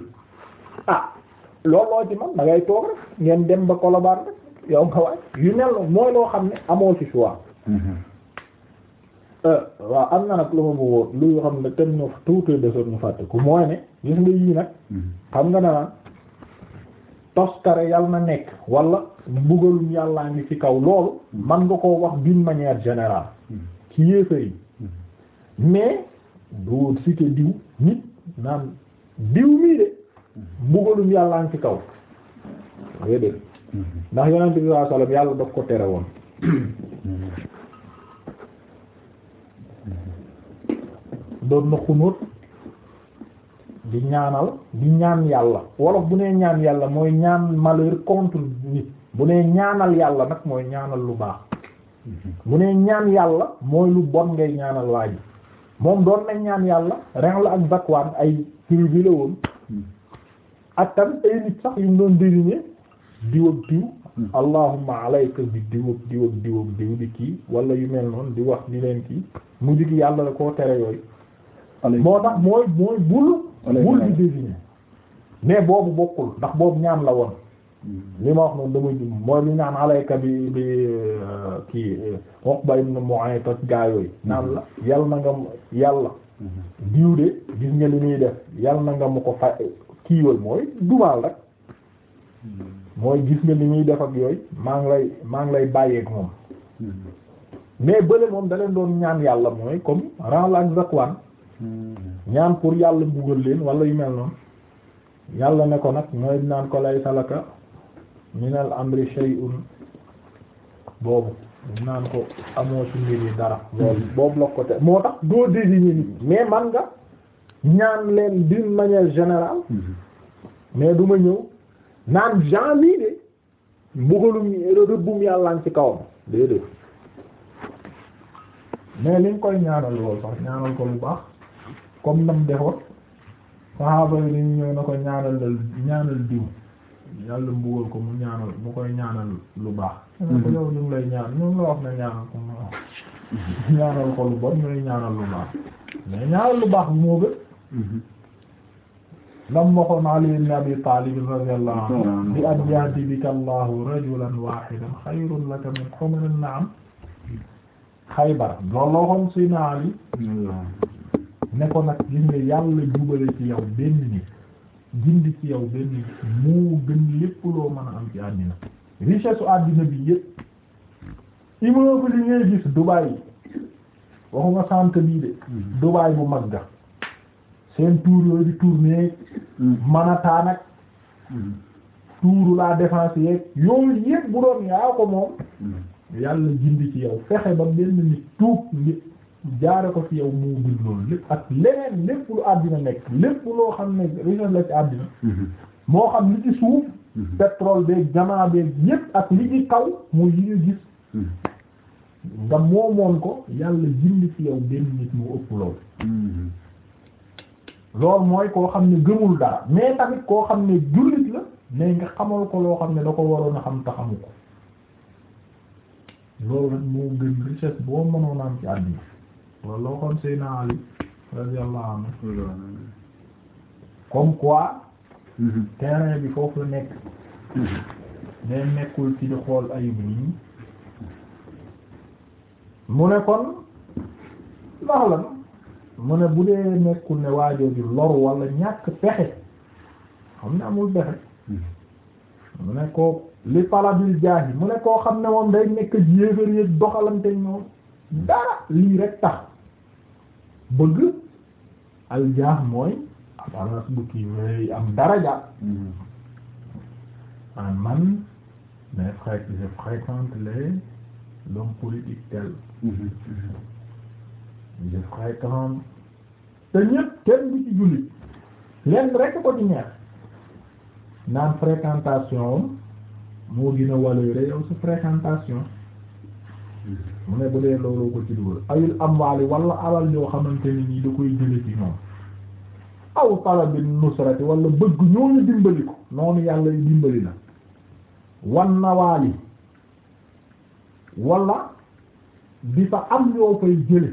ah looloo ci man da toog rek ngeen dem ba Colobane rek yow nga waay yu mel noonu mooy loo xam ne amoo ci choix mm-hmm. euh, waaw am na nag lu ma bëggoon lu xam ne tem ñu tuuti desoon ñu fàtte ko mooy ne gis nga yii nag mm-hmm. xam nga na toskare yal na nekk wala mbugalum yàllaa ngi ci kaw loolu mm-hmm. man nga koo wax d'une manière générale mm-hmm. ci yéefa yi mm-hmm. mais doo cité diw nit naan diw mii de mbugalum yàllaa ngi ci kaw wée dé ndax yonent bi sallallahu alayhi wasallam yàlla daf ko tere woon doon na xunóot di ñaanal di ñaan yàlla wolof bu nee ñaan yàlla mooy ñaan malheur contre nit bu nee ñaanal yàlla nag mooy ñaanal lu baax bu nee ñaan yàlla mooy lu bon ngay ñaanal waa moom doon nañ ñaan yàlla ren la ak Zakwaan ay tribu bi la woon ak tamit ay nit sax yu mu doon désigné diw ak diw allahumma alayka bi diw ak diw ak diw di kii wala yu mel noonu di wax di leen kii mu jigi yàlla la koo tere yooyu moo tax mooy mooy bul bul bi désigné mais boobu bokkul ndax boobu ñaan la woon hmm. li ma wax noonu damay jum mooy li ñaan alayka bi bi euh, kii euh, Uqba ibn Mu'ayt ak gaa yooyu hmm. naan la yal na nga yàlla hmm. diw de gis nga li muy def yal na nga mu ko fa kiiwal mooy dumaal rek mooy gis nga li muy def ak yooyu maa ngi lay maa ngi lay bàyyeek moom mais bële moom da doon ñaan yàlla mooy comme ren la ak Zakwan ñaan pour yàlla mbugal leen wala yu mel noonu yàlla ne ko nag ñooy naan ko lay salaka minal amri shay'un boobu naan ko amoo ci mbir dara boobu la ko te moo tax doo désigner nit mais man nga ñaan leen d'une manière général mais du ma ñëw naan gen lii de mbugalum rëbbum yàllaan ci kawam déedéet mais liñ koy ñaanal loolu sax ñaanal ko lu baax comme nam defoon saxaaba yi dañ ñëw na ko ñaanal ñaanal diw yàlla mbugal ko mu ñaanal mu koy ñaanal lu baax mm-hmm. ko yow mm-hmm. ñaanal ko lu bon ñooy ñaanal lu baax mais ñaanal lu baax moo gën mm-hmm. lam waxoon Ali ibn Abi Talib radiyallahu anhu bi an yahdika Allahu rajulan wahidan khayrun laka min humrin na'am Khaybar loolu la waxoon si Ali ne ko nag gis nga yàlla jubale ci yow benn nit gindi ci yow benn nit moo gën lépp loo mën a am ci àddina richesse àddina bi yépp immeuble yi ngay gis Dubaï waxuma centre bii de mm-hmm. Dubaï bu mag seen tour yooyu di tourner mm-hmm. Manhattan ak mm-hmm. tuuru la défense yeeg yooyu yépp bu doon yaa ko moom yàlla gindi ci yow fexe ba benn nit tuub ngi jaare ko fi yow mu ngi loolu lépp ak leneen lépp lu àddina nekk lépp loo xam ne richesse la ci àddina mm-hmm. moo xam li ci suuf mm-hmm. pétrole beeg jamaa beeg yépp ak li ci kaw mu li ñu gis mm-hmm. nga moomoon ko yàlla jindi ci yow benn nit mu ëpp loolu loolu mooy koo xam ne gëmul dara mais tamit koo xam ne jullit la mais nga xamal ko loo xam ne da ko waroon a xam taxamu ko loolu nag moo gën richesse boo mënoon am ci àddina loolu la waxoon Seydina Ali radiyallahu anhu comme quoi mhm. terrain bi foofu nekk day mhm. nekkul ci di xool ayib nii mu ne kon ndax lan mu ne bu dee nekkul ne waajoo ji lor wala ñàkk pexe xam ne amul pexe mhm. mu ne ko li palabil jaahi mu ne koo xam ne moom day nekk jéefér yëg doxalante ñoom dara lii rek tax bëgg aljaax mooy apparence bu kii wéy am daraja en mm-hmm. man mais frère je fréquente les l'homme politique tel mm-hmm. te ñëpp kenn du ci jullit lenn rek ko di neex naan fréquentation moo gën a wàllu yow sa fréquentation mu ne bu dee looloo ko ci dugal ayul amwaali wala alal yoo xamante ni nii da koy jële ci ñoom aw talabil nusrati wala bëgg ñooñu dimbali ko noonu yàlla dimbali na wan nawaali wala di fa am yoo koy jële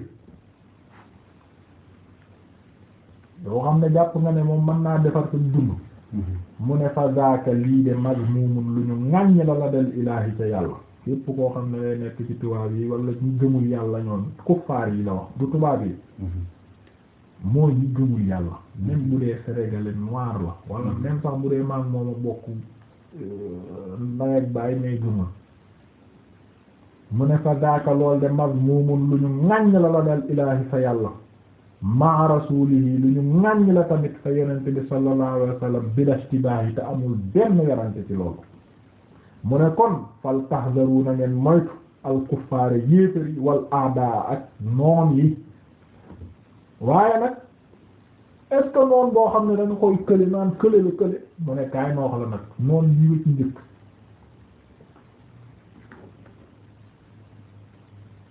yoo xam ne jàpp nga ne moom mën naa defar sa dund mhm. mu ne fa zaaka lii de mazmumun lu ñu ŋàññ la la del ilaahi ca yàlla képp koo xam ne lay nekk ci tubaab yi wala ñu gëmul yàlla ñoom kuffaar yi la wax du tubaab yi mm-hmm. mooy ñu gëmul yàlla même bu dee sénégalais noir la wala mm-hmm. même sax bu dee maag moom a bokk euh, ndawet bàyyi mais gëmul mu ne fa daaka lool de mazmumun lu ñu ŋàññ la la dal ilaahi sa yàlla ma lu ñu ŋàññ la tamit sa yonente bi sallallahu alayhi wa sallam bila istibaahi te amul benn werante ci loolu mu ne kon fal tahzaru na ngeen moytu al kuffaar yéefari wal aadaa ak noon yi waaye nag est noon boo xam ne dañu koy kële naan kële la kële mu ne kaay noox la nag noon yi wëcc njëkk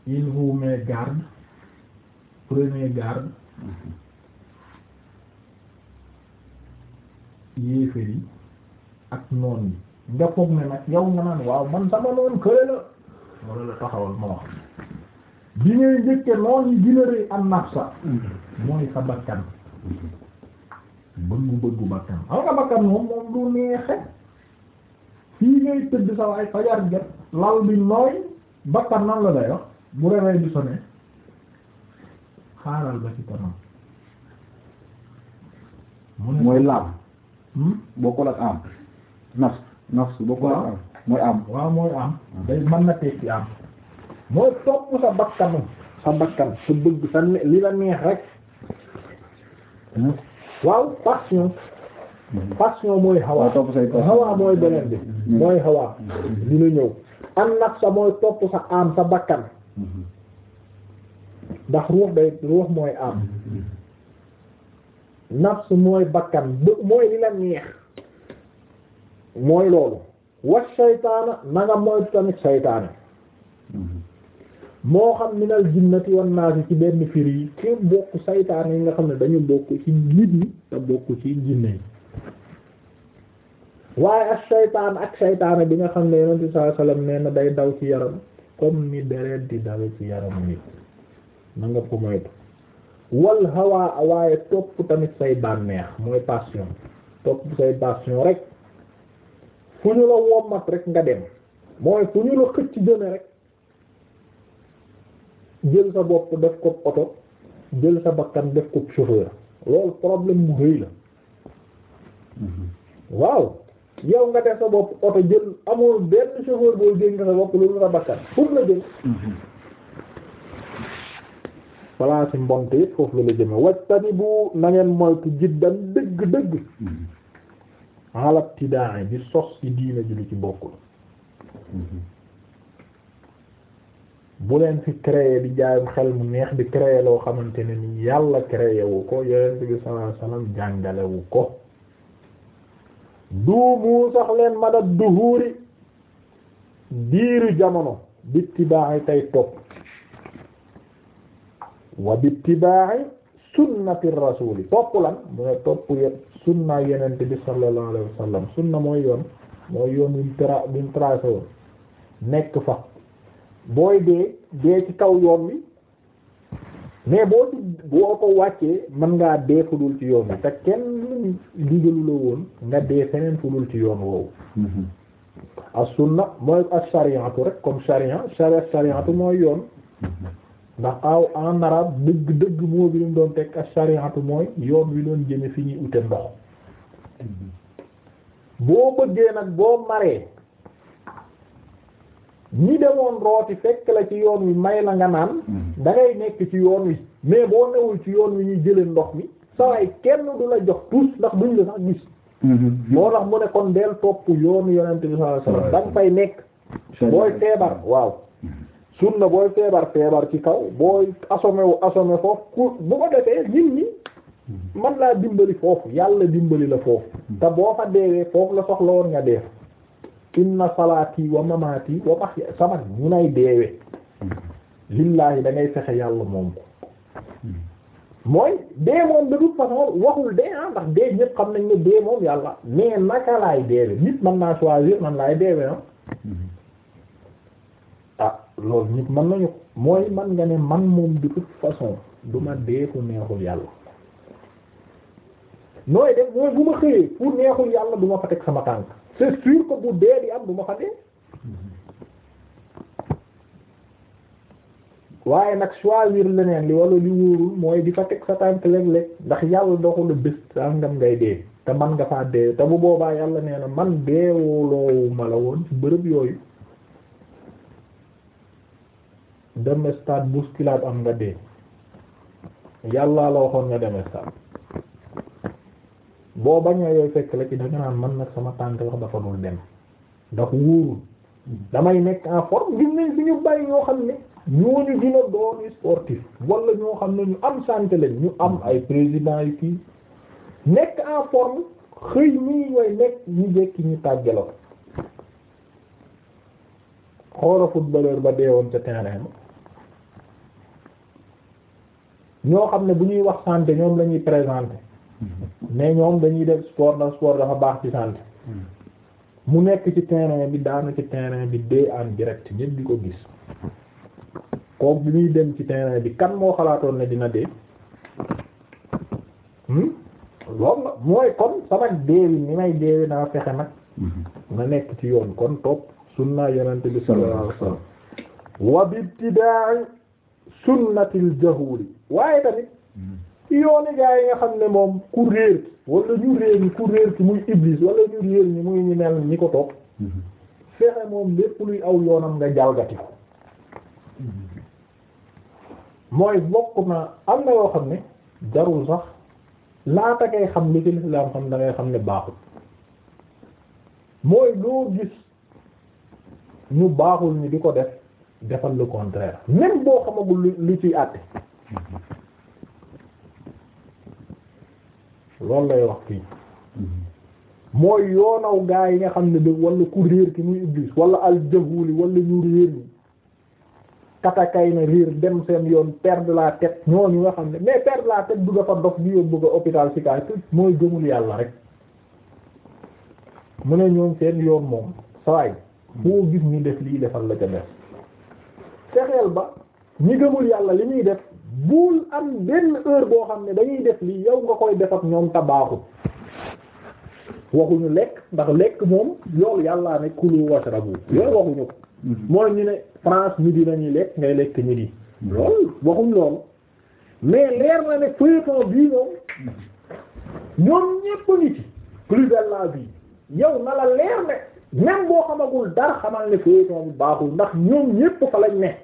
il vous met garde prenez garde yéefar yi ak noon yi nga foog ne nag yow nga naan waaw man sama noonu kële la wala la taxawal ma wax bi ngay njëkke noon yi gën a nafsa mooy sa bakkan bëggu bëggu bakkan xam nga bakkan moom moom du neexe fii ngay tëdd sa waay fajar jot lal bi nooy bakkan nan la day wax bu réveil bi sonné xaaral ba ci kanam mooy laab hmm? bokkul ak am nafs nafsu ba ko am mooy am waaw mooy am day mën na tekki am mooy topp sa bakkanu sa bakkan sa bëgg sa li la neex rek hmm? waaw passion hmm. passion mooy xawaa xawaa mooy beneen bi hmm. mooy xawaa dina ñëw an nafsa mooy topp sa am sa bakkan ndax ruux day ruux mooy am nafs mooy bakkan mooy li mooy loolu wa saytaana na nga tamit saytaane moo xam minal jinnati wan naasi ci benn firi yi ke bokk saytaane yi nga xam ne dañu bokk ci nit ñi ci jinne yi ak saytaan ak nga xam ne yonent bi sallallahu nee na day daw ci yaram comme ni deret di dawe ci yaram nit na nga ko moytu waaye topp tamit say bànneex mooy passion topp say passion rek fu ñu la wommat rek nga dem mooy fu ñu la xëcc jëme rek jël sa bopp def ko oto jël sa bakkan def ko chauffeur loolu problème bu rëy la mhm. waaw yow nga def sa bopp oto jël amul benn chauffeur boo jël sa bopp loolu sa bakkan fu mu jël balaa mhm. si mbonte yëpp foofu la la jëme waj tani bu na ngeen moytu jiddan dëgg dëgg mhm. alabtidaa di sos ci diina ji lu ci bokkul bu leen fi créer di jaayum xel mu neex di créer loo xamante ne ni yàlla créer wu ko yonent bi sallallahu ko duumu sax leen madat duhuuri diiru jamono bittibaaxi tay topp wa bittibaaxi sunnati rasuuli topp lan mu topp yépp sunna yenente bi sallallahu alayhi wa sunna mooy yoon mooy yoon wi tra wi tracé woon nekk fa booy dee dee ci kaw yoon wi mais boo ci boo ko wàccee mën ngaa dee fu dul ci yoon wi te kenn digalu la woon nga dee feneen fu dul ci yoon woowu mm-hmm. as sunna mooy as shari'atu rek comme shari'a shari'a mooy yoon ndax aw en arabe dëgg dëgg moo bi ñu doon teg ak shariatu mooy yoon wi doon jëme fi ñuy ute ndox boo bëggee nag boo maree ñi demoon rooti fekk la ci yoon wi may la nga naan mm. da nekk ci yoon wi mais boo newul ci yoon wi ñuy jële ndox mi saway kenn du la jox tuus ndax duñ la sax gis mm-hmm. moo tax mu ne kon del topp yoon yonente bi sallallahu alayhi wasallam fay nekk booy feebar waaw sunna booy feebar feebar ci kaw booy assommé wu assommé foofu bu ko defee nit ñi man laa dimbali foofu yàlla dimbali la foofu te boo fa deewee foofu la soxla woon nga def inna salaati wa mamaati wa max sama ñu nay deewee lillaahi da ngay yàlla moom ko mooy dee moom de toute façon waxul dee ah ndax dee ñëpp xam nañ ne dee moom yàlla mais naka laay deewe nit man naa choisir man laay deewe ah loolu nit mën nañu mooy man nga ne man moom de toute façon du ma dee fu neexul yàlla nooy def mooy bu ma xëyee fu neexul yàlla du ma fa teg sama tànk c'est sûr que bu dee di am du ma fa dee waaye nag choisir leneen li wala li wóorul mooy di fa teg sa tànk léeg-léeg ndax yàlla doxul bés sàngam ngay dee te man nga faa dee te bu boobaa yàlla nee na man deewoo loowu ma la woon bërëb yooyu dem stade bousculade am nga dee yàllaa la waxoon nga dem stade boo yooyu fekk la ci danga naan man nag sama tànk wax dafa dul dem ndax wóorul damay nekk en gis nañ fi ñu bari ñoo xam ne ñooñu dina doon sportif wala ñoo xam ne ñu am santé lañ ñu am ay président yu kii nekk en xëy ñii ñooy nekk ñu jekki ñu tàggaloo xoola footballeur ba deewoon ca terrain ba ñoo xam ne bu ñuy wax santé ñoom la ñuy présenter mais ñoom dañuy def sport na sport dafa baax ci santé mu nekk ci terrain bi daanu ci terrain bi dee en direct ñépp bi ko gis kooku bi muy dem ci terrain bi kan moo xalaatoon ne dina dee hmm? loolu la mooy kon sama deewi ni may deewi naa fexe nag na nekk ci yoon kon topp sunna yonent bi sallallahu alayhi wasallam wa bibtida'i sunnatil jahuri waaye tamit yoon yooni gaa yi nga xam ne moom ku réer wala ñu réer ñi ku réer ci muy iblis wala ñu réer ñi muy ñu ñi ko topp fexe moom lépp luy aw yoonam nga jalgati ko mooy bokk na am na yoo xam ne jarul sax laata ngay xam li ci lislaam xam da xam ne baaxul mooy loo gis ñu baaxul ñi di ko def defal le contraire même boo xamagul lu ci àtte loolu lay wax fii mooy yoonaw gaa yi nga xam ne de wala ku réer ki muy iblis wala aljahuli wala ñu réer katakay na réer dem seen yoon perdre la tête ñooñu nga xam ne mais perdre la tête dugg fa dof bi yóbbu ko hôpital psychiatrique mooy gëmul yàlla rek mu ne ñoom seen yoon moom sawaay foo gis ñu def lii defal la ca def fexeel ba ñi yàlla li ñuy def bul am benn heure boo xam ne dañuy def li yow nga koy def ak ñoom ta baaxul waxuñu lekk ndax lekk moom loolu yàlla ne kulu washrabu yooyu waxuñu ko mm-hmm. mooy ñu ne France midi nañuy lekk ngay lekk midi loolu waxuñ loolu leer na ne feuilleton bii moom ñoom ñépp yow na la leer ne même boo xamagul dara xamal ne feuilleton bi baaxul ndax ñoom ñépp fa lañ ne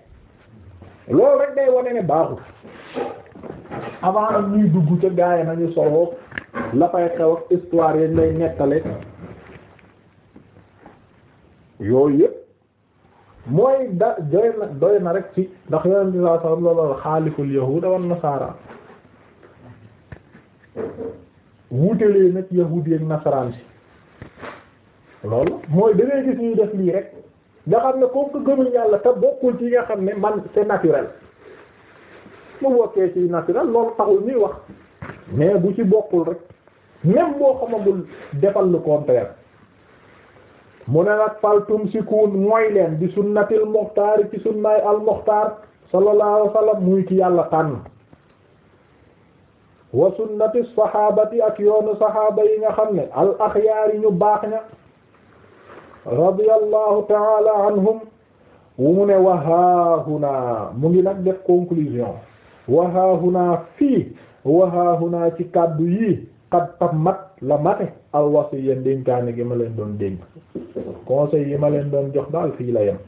lool rek day wane ne baaxul avant ñuy dugg ca gaaya nañu soloo la fay xew ak histoire yañ mooy da doy na doy na rek ci ndax yonent bi sallallahu alayhi wasallam loolu xaaliful yahuda wan nasara wuutelee nag yahuudi ak si loolu mooy da ngay gis lii rek nga xam ne comme que yàlla te bokkul ci nga xam ne man c'est naturel mu bokkee ci naturel loolu taxul ñuy wax mais bu ci bokkul rek même boo xamagul defal le contraire mu ne nag faltum sikun mooy leen bi sunnatil muxtaar ci sunnaay al muxtaar sallallahu alayhi muy ci yàlla tànn wa sunnati sahabati ak yoonu sahaaba yi nga xam ne al axyaar yi ñu baax ña radiyallahu taala anhum mu ne wahaahuna mu ngi nag def conclusion wahaahuna fii wahaahuna ci kàddu yii qad tammat la mate alwasiya ndénkaane gi ma leen doon dénk conseil yi ma leen doon jox daal fii la yem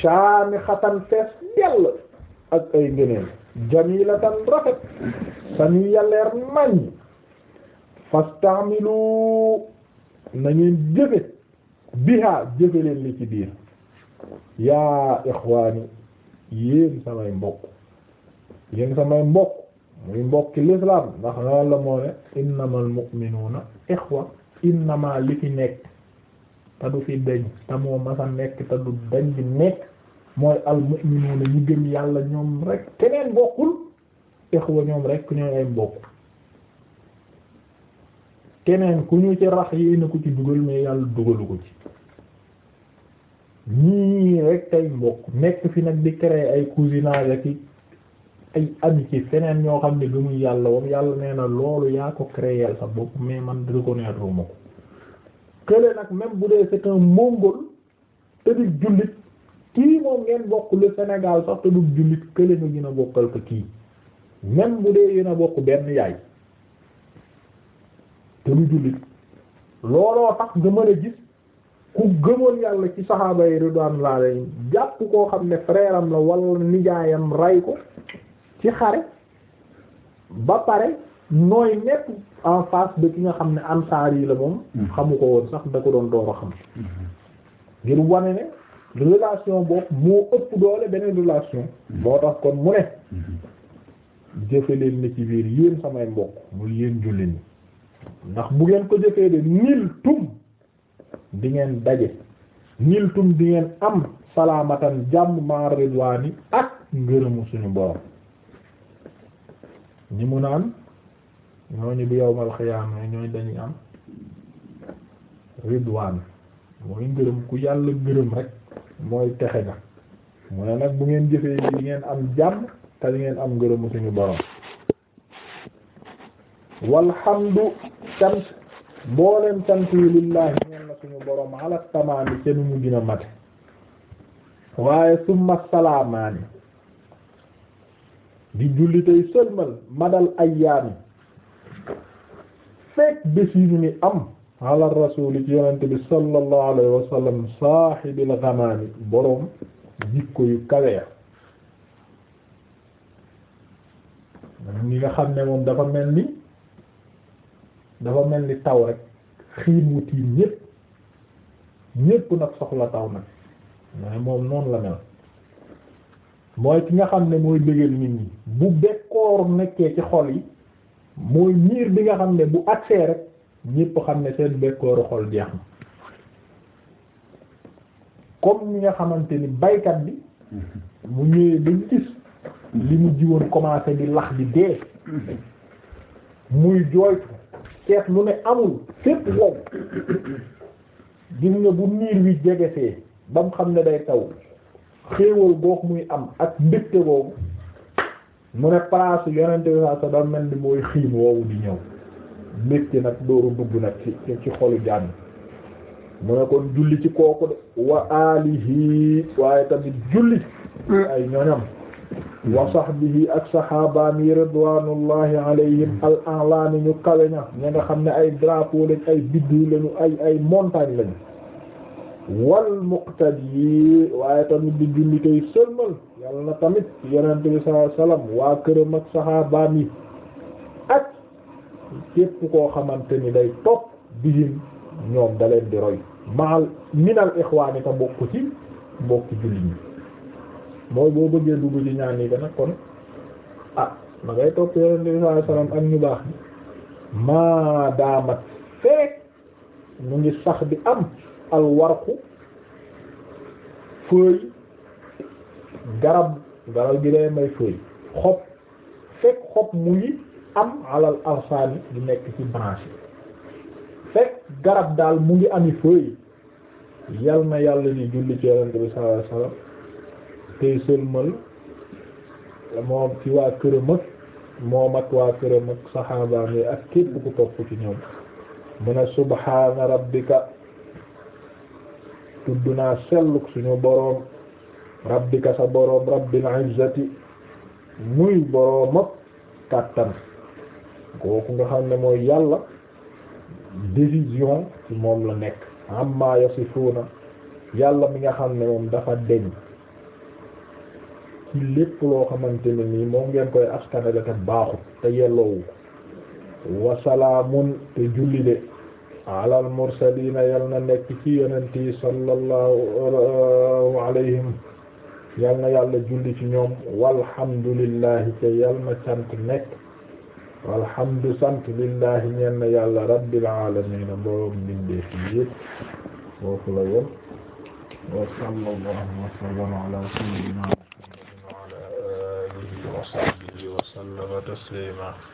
shaami xatan fees dell ak ay ngëneel jamilatan rafet sani yaleer mañ fastamilu na ngeen jëfe biha jëfe leen li ci biir yaa ixwaani yéen samay mbokk yéen samay mbokk muy mbokki l'islam ndax loolu la moo ne innamal mu'minuuna ixwa innama li fi nekk te du fi deñ te moo masa nekk te du dañ di nekk mooy al mu'minuuna ñu gëm yàlla ñoom rek keneen bokkul ixwa ñoom rek ñooy ay mbokk keneen ku ñu ci rax yéena ko ci dugal mais yàlla dugalu ko ci ñii rek tay mbokk nekk fi nag di créer ay cousinage ak ay amitié feneen ñoo xam ne lu muy yàlla wam yàlla nee na loolu yaa ko créer sa bopp mais man reconnaître ma ko kële nag même bu dee c'est un mongol te di jullit kii moom ngeen bokk le Sénégal sax te jullit kële nga gën a bokkal ko kii même bu dee yéen a bokk benn yaay te lu jullit looloo tax nga mën a gis ku gëmoon yàlla ci saxaaba yi ridwaanullah alayhim jàpp koo xam ne frère am la wala nijaayam ray ko ci xare ba pare nooy nekk en face de ki nga xam ne ansaar yi la moom hmm. xamu ko woon sax da ko doon door xam ngir wane ne relation boobu moo ëpp doole beneen relation hmm. moo tax kon mu ne hmm. jëfe leen ne ci biir yéen samay mbokk mu yéen jullit ñi ndax bu ngeen ko jëfee de nil tum di ngeen daje nil tum di ngeen am salaamatan jàmm ma ridwaani ak ngërëmu suñu borom ñi mu naan ñooñu bu yowmal xiyaama ñooñu dañuy am ridwaan mooy ngërëm ku yàlla ngërëm rek mooy texe na mu ne nag bu ngeen jëfee di ngeen am jàmm te di ngeen am ngërëmu suñu borom walhamdu cant mboolem cant yi lillahi ñeen na suñu borom ala tamaami ca nu mu gën mate waaye summa salaamaani di julli tey sëlmal madal ayyaami fekk bés yi ñu am ala rasuli ci yonente bi sallallahu alayhi wa saahibil gamaami borom jikko yu kaweer ñi nga xam ne moom dafa mel ni dafa mel ni taw rek xiin wu tiim ñépp ñépp nag soxla taw nag moom noonu la mel mooy ki nga xam ne mooy bégal nit ñi bu bekkoor nekkee ci xol yi mooy niir bi nga xam ne bu agsee rek ñépp xam ne seen bekkooru xol jeex na comme ñi nga xamante ni baykat bi mu ñëwee ba gis li mu jiwoon commencé di lax di dee muy jooytu seet mu ne amul fépp wow gis nga bu niir wi jegesee ba mu xam ne day taw xéewal goog muy am ak mbégte boobu mu ne place yonente bi saa sa da mel ni mooy xiim woowu di ñëw mbégte nag dooru dugg nag ci ci xolu jàmm mu ne kon julli ci kooku de wa alihi waaye tamit julli ay ñoñam wa hmm. sahbihi ak sahabaam yi ridwanullahi alayhim hmm. al ñu kawe ña ña nga xam ne ay drapeau lañ ay biddiw lañu ay ay montagne lañu wal yi waaye tamit di julli tey sëlmal yàlla na tamit yonent bi sallallahu alayhi waa këram ak sahabaam yi ak képp koo xamante ni day topp bihim ñoom da di roy maal minal ixwaani ta mbokk ci mbokk julli ñi mooy boo bëggee dugg ci ñaan yi ba nag kon ah ma ngay topp yonent bi sallallahu alayhi wasallam ak ñu baax ni maadaamat fekk mu ngi sax bi am al warqu feuille garab garab gi day may feuille xob fekk xob mu ngi am alal arsaani di nekk ci branche fekk garab daal mu ngi ami feuille yal na yàlla li julli ci yonent bi sallallahu alayhi wasallam tey sëlmal moom ci waa këram ak moom ak waa këram ak saxaabaam yi ak képp ku topp ci ñoom mu ne subhaana rabbika tudd naa selluk suñu boroom rabbika sa boroom rabbil izzati muy boroom ak kàttan kooku nga xam ne mooy yàlla décision ci moom la nekk amma yasifuuna yàlla mi nga xam ne moom dafa deñ ci lépp loo xamante ne nii moom ngeen koy askanale te baaxut te yelloowu wasalaamun te julli de alal mursaliina yal na nekk ci yonent yi sallallahu uh, alayhim yal na yàlla julli ci ñoom walhamdulillahi te yal na sant nekk walhamdu sant lillahi ñeen na yàlla rabbil aalamiina borom mbindeef yi yépp foofu la yem wa sallallahu wa sallam ala sayyidina wa sahbihi wa sallama taslima